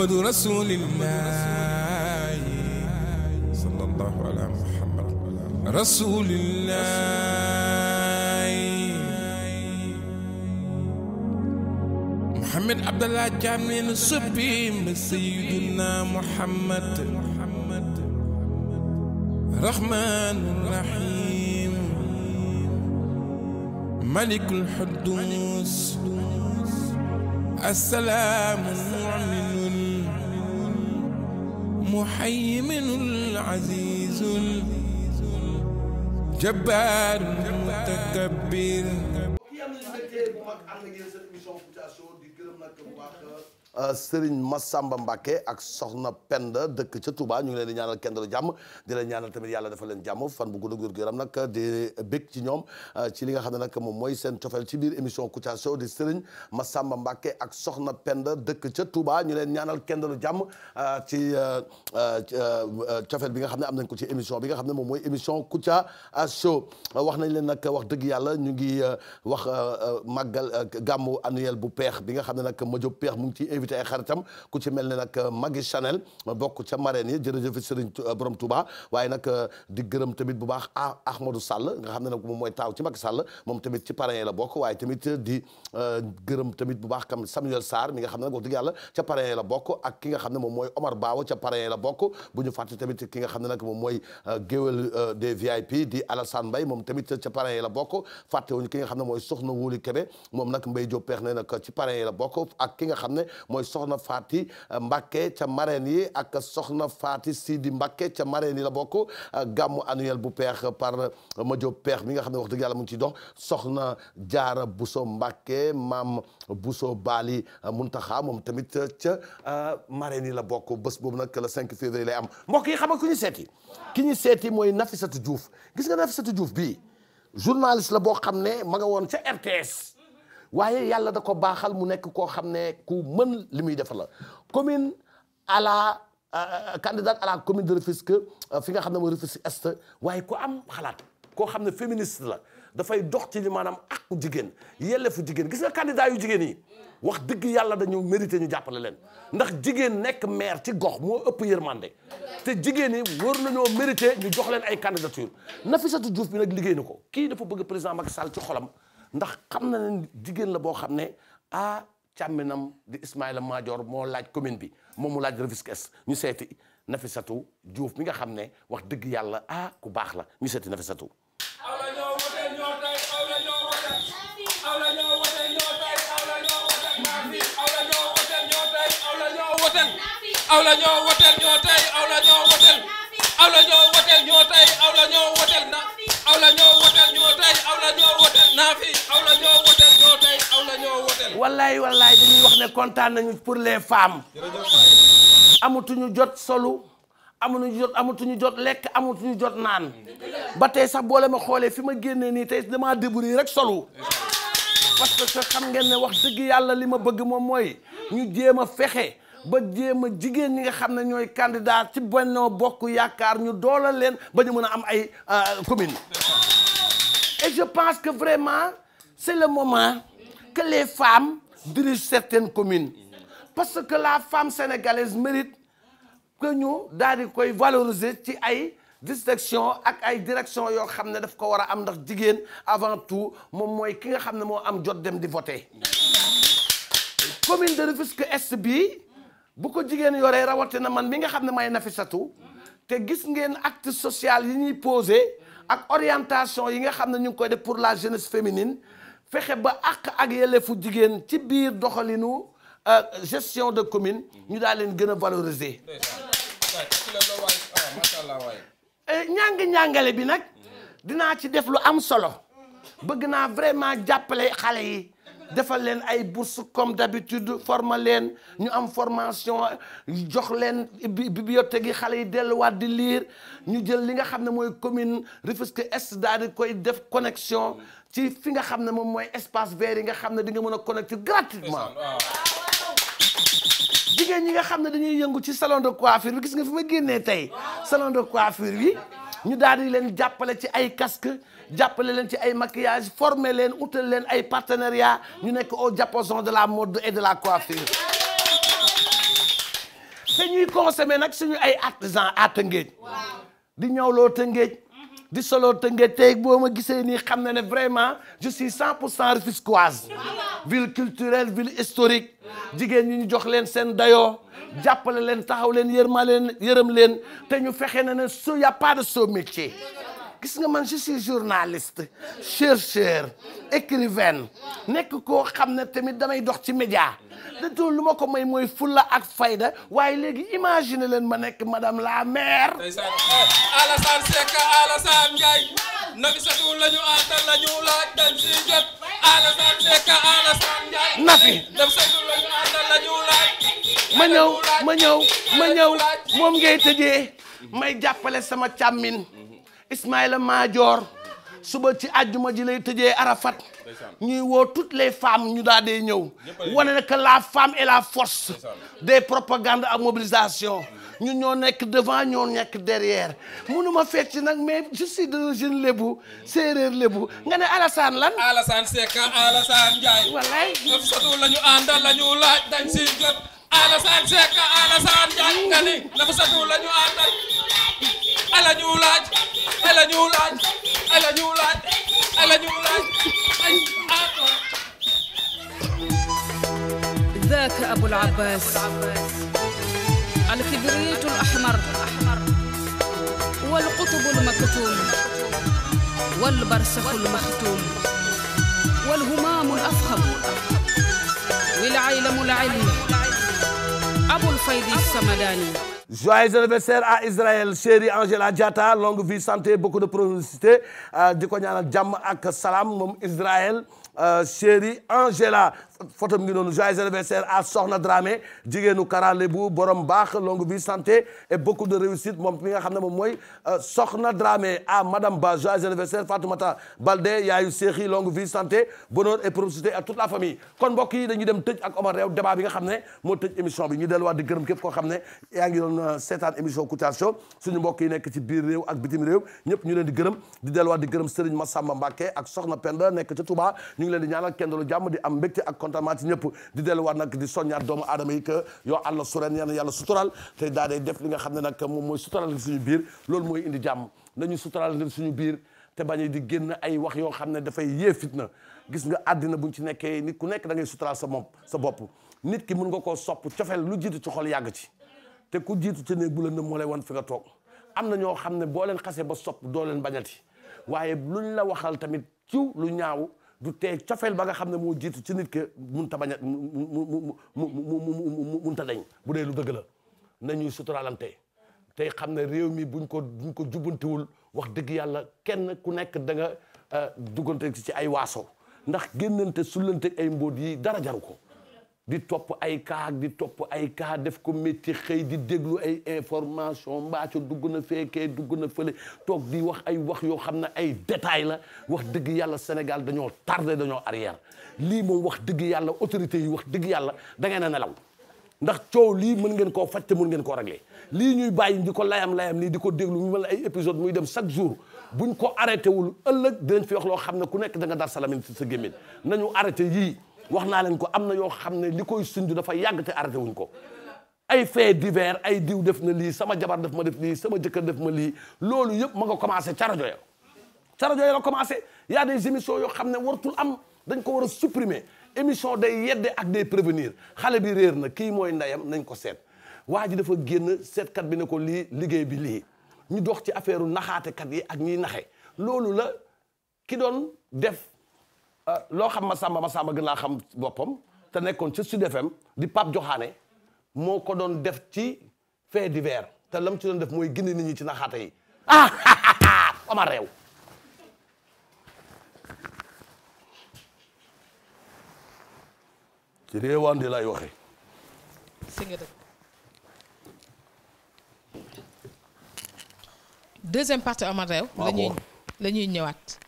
محمد رسول الله صلى الله على محمد رسول الله محمد عبد الله جامعين صبيم سيدنا محمد محمد رحمن الرحيم ملك الحدوث السلام المؤمن محيمن العزيز الجبار المتكبر ma Massamba Mbacké ak Soxna pend dëkk ca tubaa ñu ngi leen di ñaanal kenn dalu jàmm di leen ñaanal tamit yàlla dafa leen jàmm fan bu gudd ak wér-gu-yaram nag di bég ci ñoom ah, ci li nga xam ne nag moom mooy seen cofeel ci biir émission Kouthia Show di Serigne Massamba Mbacké ak Soxna pend dëkk ca tubaa ñu leen ñaanal kendalu jàmm ah, ci ah, cofeel bi nga xam ne am nañ ko ci émission bi nga xam ne moom mooy émission Kouthia Show wax nañ leen nag wax dëgg yàlla ñu ngi wax màggal gàmmu annuel bu peex bi nga xam ne nag ma peex mu ngi ci invité ay xaritam ku ci mel ne nag euh, Magui Chanel bokk ca marraine yi jërëjëf Serigne euh, Borom Touba waaye nag euh, di gërëm tamit bu baax Ahmadou Sall nga xam ne nag moom mooy taaw ci Macky Sall moom tamit ci parrain yi la bokk waaye tamit di gërëm tamit bu baax kam Samuel Sarr mi nga xam ne nag wax dëgg yàlla ca parrain yi la xam ne moom mooy Omar Bawo ca parrain yi la bokk bu ñu fàtte tamit ki nga xam ne nag moom mooy géwél des VIP di Alassane moom tamit ca parrain la bokk fàtte ki xam ne mooy Soxna Wuli Kebe moom nag Mbaye Diop peex ne nag ci parrain yi la bokk ak ki nga xam ne mooy soxna Faati euh, Mbàkke ca marraine yi ak soxna Faati Sidi Mbàkke ca marraine yi la bokk euh, gàmmu annuel bu peex par ma Diop peex mi nga xam ne wax dëgg yàlla mu ngi ciy dox soxna Jaara Buso Mbàkke maam Buso Baali euh, Muntaxa moom tamit ca marraine yi la bokk bés boobu nag le 5 février lay am mbokk yi xam nga ku ñu seeti ki ñu seeti mooy Nafisatu Diouf gis nga Nafisatu Diouf bii journaliste la boo xam ne ma nga woon ca RTS waaye yàlla da ko baaxal mu nekk koo xam ne ku mën li muy defar la commune à la euh, candidate à la commune de Rufisque euh, fi nga xam ne mooy Rufisque Est waaye ku am xalaat koo xam ne féministe la dafay dox ci li maanaam ak jigéen yelleefu jigéen gis nga candidat yu jigéen yi wax dëgg yàlla dañu mérité ñu jàppale leen ndax jigéen nekk maire ci gox moo ëpp yërmande te jigéen yi war nañoo mérité ñu jox leen ay candidature Nafissatou Diouf bi nag liggéey na ko kii dafa bëgg président Macky Sall ci xolam ndax xam na ne jigéen la boo xam ne ah càmminam di Ismaïla Madior moo laaj commune bi moom mu laaj Rufisque ñu seeti Nafissatou Diouf mi nga xam ne wax dëgg yàlla ah ku baax la ñu seeti Nafissatou aw la ñoo woteel ñoo aw la ñoo woteel aw la ñoo woteel ñoo aw la ñoo woteel na tey aw la ñoo woteel naa wallaay wallaay dañuy wax ne kontaan nañu pour les femmes. amatuñu jot solu amuñu jot amatuñu jot lekk amatuñu jot naan ba tey sax boole ma xoolee fi ma génnee nii tey damaa débrouiller rek solu parce que xam ngeen ne wax dëgg yàlla li ma bëgg moom mooy ñu jéem a fexe ba jéem a jigéen ñi nga xam ne ñooy candidat ci Benno Bokk Yaakaar ñu doolal leen ba ñu mën a am ay euh, commune et je pense que vraiment c'est le moment que les femmes dirigent certaines communes parce que la femmes sénégalaise mérite que ñu daal di koy valoriser ci ay distinction ak ay direction yoo xam ne daf ko war a am ndax jigéen avant tout moom mooy ki nga xam ne moo am jot dem di voter commune de que Est bi bu ko jigéen yoree rawatina man mi nga xam ne may Nafissatou te gis ngeen acte social yi ñuy posé ak orientation yi nga xam ne ñu ngi koy def pour la jeunesse féminine fexe ba àq ak yelleefu jigéen ci biir doxalinu euh, gestion de commune ñu daal leen gën a valoriser. Euh, ñàng ñàngale bi nag dinaa ci def lu am solo bëgg naa vraiment jàppale xale yi. defal leen ay bourse comme d'habitude former leen ñu am formation jox leen bibliothèque yi xale yi delluwaat di lire ñu jël li nga xam ne mooy commune Rufisque Est daal di koy def connexion ci fi nga xam ne moom mooy espace vert yi nga xam ne dinga mën a connecter gratuitement jigéen ñi nga xam ne dañuy yëngu ci salon de coiffure bi gis nga fi ma génnee tey salon de coiffure bi ñu daal di leen jàppale ci ay casque jàppale leen ci ay maquillage former leen utal leen ay partenariat ñu nekk au diapason de la mode et de la coiffure te ñuy consommer nag suñu ay artisan à Tëngéej di ñëwloo Tëngéej di solo te nga tey boo ma gisee nii xam na ne vraiment je suis 100 pour cent Rufisquoise ville culturelle ville historique jigéen ñi ñu jox leen seen dayoo jàppale leen taxaw leen yërma leen yërëm leen te ñu fexe na ne so y a pas de sot métier gis nga man je suis journaliste chercheur écrivaine nekk ko xam ne tamit damay dox ci média te tool lu ma ko may mooy fulla ak fayda waaye léegi imagine leen ma nekk madame la maire. Eh, Alassane Nafi ma ñëw ma ñëw moom ngay tëjee may jàppale sama càmmin Ismaïla Madior suba ci àjjuma ji lay tëjee Arafat. ñuy woo toutes les femmes ñu daal dee ñëw wane ne que la femme et la force des propagandes à mobilisation ñu ñoo nekk devant ñoo nekk derrière munuma fecc nag mais je suis de jeune lébu séeréer lébu nga ne Alassane lan. Alassane Seck Alassane Ndiaye. wallaay ñoom sotu la ñu àndal la ñu laaj dañ si jot. Alassane Seck Alassane Ndiaye nga ne ñoom ñu àndal. ala ñu laaj ala ñu laaj ala ñu laaj ala ñu laaj ay ذاك أبو الكبريت الأحمر والقطب المكتوم والبرسخ المختوم والهمام الأفخم والعيلم العلم أبو الفيض السمداني Joyeux anniversaire à Israël chérie Angela Diatta longue vie santé beaucoup de prospérité euh, di ko ñaanal jàmm ak salaam moom Israël euh, chérie Angela photo mi ngi noonu joyeux anniversaire à Soxna Dramé jigéenu Karale bu borom baax longue vie santé et beaucoup de réussite moom mi nga xam ne moom mooy euh, Soxna Dramé à madame Ba joyeux anniversaire Fatoumata Baldé yaayu Seexi longue vie santé bonheur et prospérité à toute la famille kon mbokk yi dem tëj ak Omar Rew débat bi nga xam ne moo tëj émission bi ñu delluwaat di gërëm képp koo xam ne yaa ngi doon euh, seetaan émission Kouthia Show suñu mbokk yi nekk ci biir ñëpp ñu leen di gërëm di delluwaat di gërëm Serigne Massamba Mbacké ak Soxna Penda nekk ca Touba ñu contentement ci ñëpp di delluwaat nag di soññaat doomu aadama yi que yoo àlla sureen yal na yàlla sutural te daa def li nga xam ne nag moom mooy sutural suñu biir loolu mooy indi jàmm nañu sutural suñu biir te bañ di génn ay wax yoo xam ne dafay yee fitna gis nga àddina buñ ci nekkee nit ku nekk da ngay sa moom sa bopp nit ki mën nga koo sopp cofeel lu jiitu ci xol yàgg ci te ku jiitu ci néeg bu la moo lay wan fi nga toog am na ñoo xam ne boo leen ba sopp doo leen bañati waaye luñ la waxal tamit ciw du tee cofeel ba nga xam ne moo jiitu ci nit ke mun ta bañ a mu mu mu mun ta dañ bu dee lu dëgg la nañuy suturaalante tey xam ne réew mi buñ ko buñ ko jubbantiwul wax dëgg yàlla kenn ku nekk da nga euh, duggante ci ay waaso ndax génnante sullante ay mbóot yi dara jaru ko di topp ay cas di topp ay cas def ko métti xëy di déglu ay information mbaa ca dugg na fekkee dugg na fële toog di wax ay wax yoo xam ne ay détails la wax dëgg yàlla Sénégal dañoo tardé dañoo arrière lii moom wax dëgg yàlla autorités yi wax dëgg yàlla da ngeen a nelaw ndax coow lii mën ngeen koo faj te mën ngeen koo réglé lii ñuy bàyyi di ko layam layam nii di ko déglu mu mel ay épisode muy dem chaque jour buñ ko arrêté wul ëllëg dinañ fi wax loo xam ne ku nekk da nga dar salamin si sa gémmiñ nañu arrêté wax naa lañ ko am na yoo xam ne li koy sundu dafa yàgg te arrêté wuñ ko ay fait divers ay diw def na lii sama jabar def ma def lii sama jëkkër def ma lii loolu yëpp ma a commencé ca rajo ya ca rajo la commencé y a des yoo xam ne wartul am dañ ko war a supprimer émission day yedde ak day prévenir xale bi réer na kii mooy ndeyam nañ ko seet waa ji dafa génn seetkat bi ne ko lii liggéey bi lii ñu dox ci affaire kat yi ak ñiy naxe loolu la ki doon def Euh, loo xam ma sàmba ma sàmba gën laa xam boppam te nekkoon ci Sud di Pape Joxaane moo ko doon def ci fait divers te lam ci doon def mooy gindi nit ci naxaate yi ah ama réew ci réewande lay waxe deuxième partie Omar Rew lañuy la ñuy ñëwaat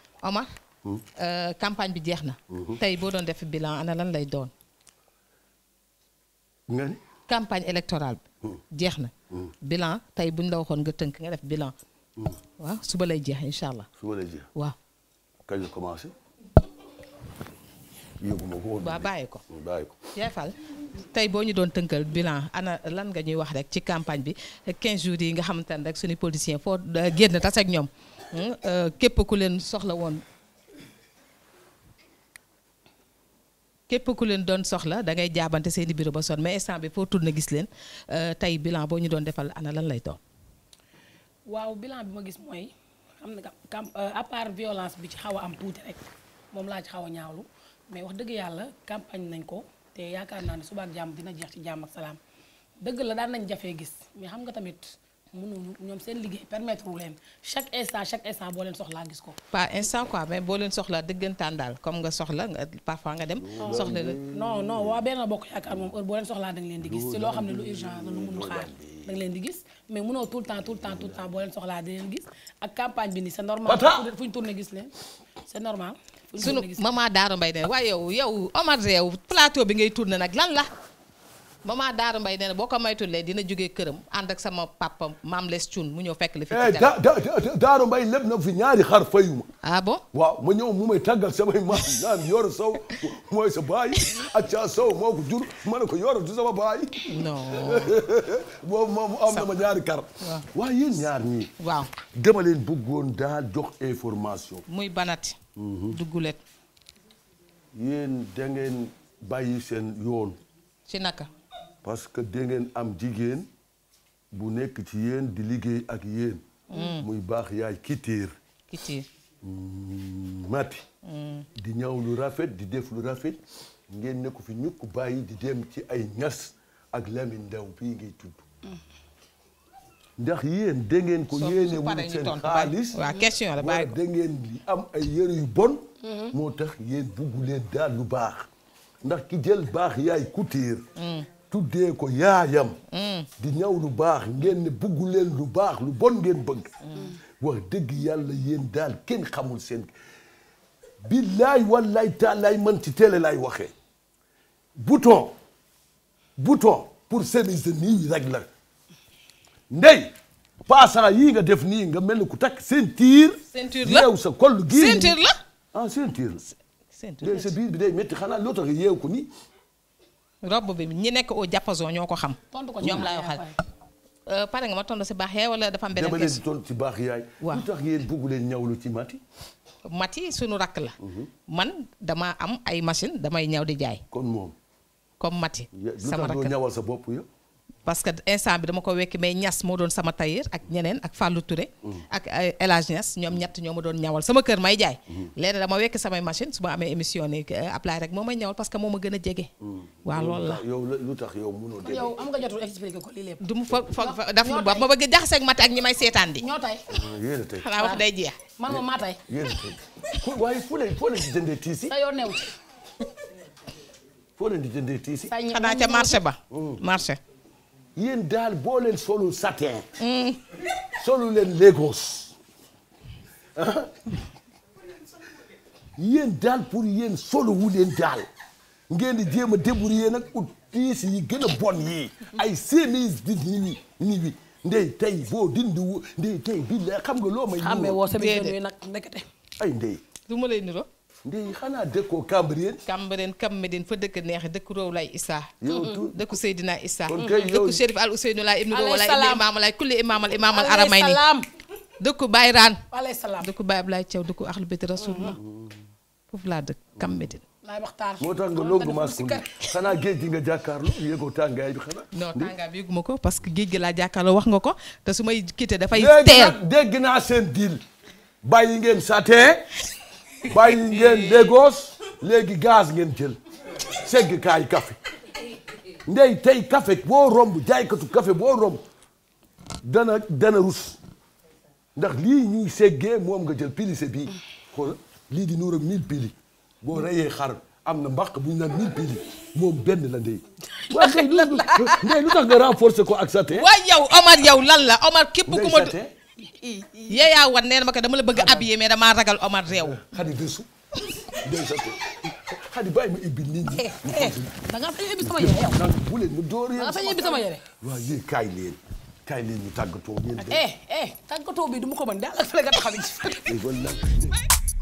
Euh, campagne bi jeex na. Mhm. tey boo doon def bilan ana lan lay doon. nga campagne électorale mhm. jeex na. Mhm. bilan tey buñ la waxoon nga tënk nga def bilan. waaw suba lay jeex incha allah. suba lay jeex waaw. bàyyi ko mm, bàyyi jeefal tey boo ñu doon tënkal bilan ana lan nga ñuy wax rek ci campagne bi 15 jours yi nga xamante ne rek suñu politicien foo euh, génn tas ñoom hmm, euh, képp ku leen soxla woon. képp ku leen doon soxla da ngay jaabante seen i bureau ba son mais instant bi foo tourné gis leen euh, tey bilan boo ñu doon defal ana lan lay doon. waaw billan bi ma gis mooy xam nga kam euh, à part bi ci xaw a am tuuti rek moom laa ci xaw a ñaawlu mais wax dëgg yàlla campagne nañ ko te yaakaar naa ne suba ak jàmm dina jeex ci jàmm ak salaam dëgg la daan nañ jafee gis mais xam nga tamit. mënuñu ñoom seen liggéey permettre wu leen chaque instant chaque instant boo leen soxlaa gis ko. pas instant quoi mais boo leen soxlaa dëggantaan daal comme nga soxla nga parfois nga dem. Oh. soxla la non non waa benn bokk yaakaar moom heure boo leen soxlaa da leen di gis. ci loo xam ne lu urgent lu mënul xaar da leen di gis mais mënoo tout le temps tout le temps tout le temps boo leen soxlaa di leen gis ak campagne bi nii c'est normal. fu ñu tourné gis leen c'est normal. sunu maman Daara Mbaye de waaye yow yow Omar yow plateau bi lan la. ma maman Daaru Mbay nee na boo ko maytulee dina jógee këram ànd ak sama papa maam les Thioune mu ñëw fekk la fi Daaru Mbay lépp na fi ñaari xar fayuma ah bon ma ñëw mu may tàggal samay maam naan Yoro Sow mooy sa baay acca Sow moo ko jur ma ne ko Yoro du sama baay non boobu moom am na ma ñaari kar waaw yéen ñaar ñii waaw dama leen bëggoon daal jox information muy banati mhm. duggulet yéen da bàyyi seen yoon ci naka parce que da am jigéen bu nekk ci yeen di liggéey ak yéen. Mm. muy baax yaay kitiir. kitiir. Mm, mati. Mm. di ñaw lu rafet di def lu rafet ngeen ne ko fi ñukk bàyyi di dem ci ay ñas ak Lamine Ndaw bii ngay tudd. ndax yéen da ngeen ko yéene wul seen xaalis waaw question la bàyyi ko am ay yëre yu bon mm-hmm. moo tax yéen buggu leen daal lu baax ndax ki jël baax yaay kutiir tuddee ko yaayam. Mm. di ñaw lu baax ngeen ne bëggu leen lu baax lu bon ngeen bëgg. Mm. wax dëgg yàlla yéen daal kenn xamul seen. billaay wallaay taalaay man ci télé laay waxee. bouton. bouton pour service de nii rek la. ndey. paasaa yii nga def nii nga mel ni ku takk ceinture. ceinture la yeew sa kol gi. ceinture la ah ceinture la. ceinture la ndey sa biir bi day métti xanaa loo tax yeew ko nii. robb bi ñi nekk o diapason ñoo ko xam. tontu ko ñoom laay waxal. Euh, pare nga ma tontu si baax yaay wala dafa am beneen question. dama leen tontu si baax yaay. waaw lu tax ngeen bugg leen ñawlu ci mati. mati suñu rakk la. Mhm. man dama am ay machine damay ñaw di jaay. kon moom. comme mati. sama rakk lu sa bopp ya parce que instant bi dama ko wekki mais ñas moo doon sama tailleur ak ñeneen ak Fallou Touré. Mm. ak euh, El Hadj ñoom ñett ñoo ma doon ñawal sama kër may jaay. Mm. léegi dama wekk samay machine su ma amee émission ni euh, apply rek moo may ñawal parce que moo ma gën a jege. Mm. waaw loolu la yow lu tax yow mënoo dégg. yow am nga jotul expliqué ko mat ak ñi may seetaan di. ñoo tay ah, day jeex. Ah, man moom a tey waaye foo leen foo leen di jëndee tiis xanaa ca marché ba marché yéen daal booleel solo solul solo mm. solul leen Lagos ah yéen daal pour yéen solo wu leen daal ngeen di jéem a débrouiller nag ut piis yi gën a bon yi ay semis di nii nii bi ndey tey boo dindiwu ndey tey bi la xam nga loo may. xam nga woo sa nag nekkate ay ndey. du ma lay niroo. ndey xanaa dëkkoo Cambérène. Cambérène Cap Médine fa dëkk neex dëkk Rowlay Issa. yow dëkku Seydina Issa. kon kay Al Ousseynou Laay ibnu Rowlay ibnu Imaam Laay kulli Imaam al Imaam al Aramayni. dëkku Baye Raan. waaleykum salaam dëkku Baye Ablaye Thiaw dëkku Ahlu Bayti Rasulullah foofu laa dëkk Cap moo tax nga longu maas xanaa géej gi nga jàkkaarloo yëgoo tàngaay bi xanaa. non tàngaay bi yëguma ko parce que géej gi laa jàkkaarloo wax nga ko te su may quitté bàyyi ngeen Lagos léegi gaz ngeen jël segg kaay café ndey tey café boo romb jaaykatu kafe boo romb dana dana rus ndax lii ñuy seggee moom nga jël pilise bii xool lii di nuur ak mille pili boo reyee xar am na mbaq bu ñu naan mille pili moom benn la ndey waa kay ndey lu tax nga ko ak saté waaye yow Omar yow lan la Omar képp ku ma yeeyaa wan nee na ma ko dama la bëgg a ab mais damaa ragal Omar réew. xadi gëstu xadi bàyyi ma ibbi nit ñi. da nga fañ ibbi sama yére yow. kaay leen kaay leen ñu tàggatoo. eh eh du ma ko mën daal ak fële nga taxaw ci.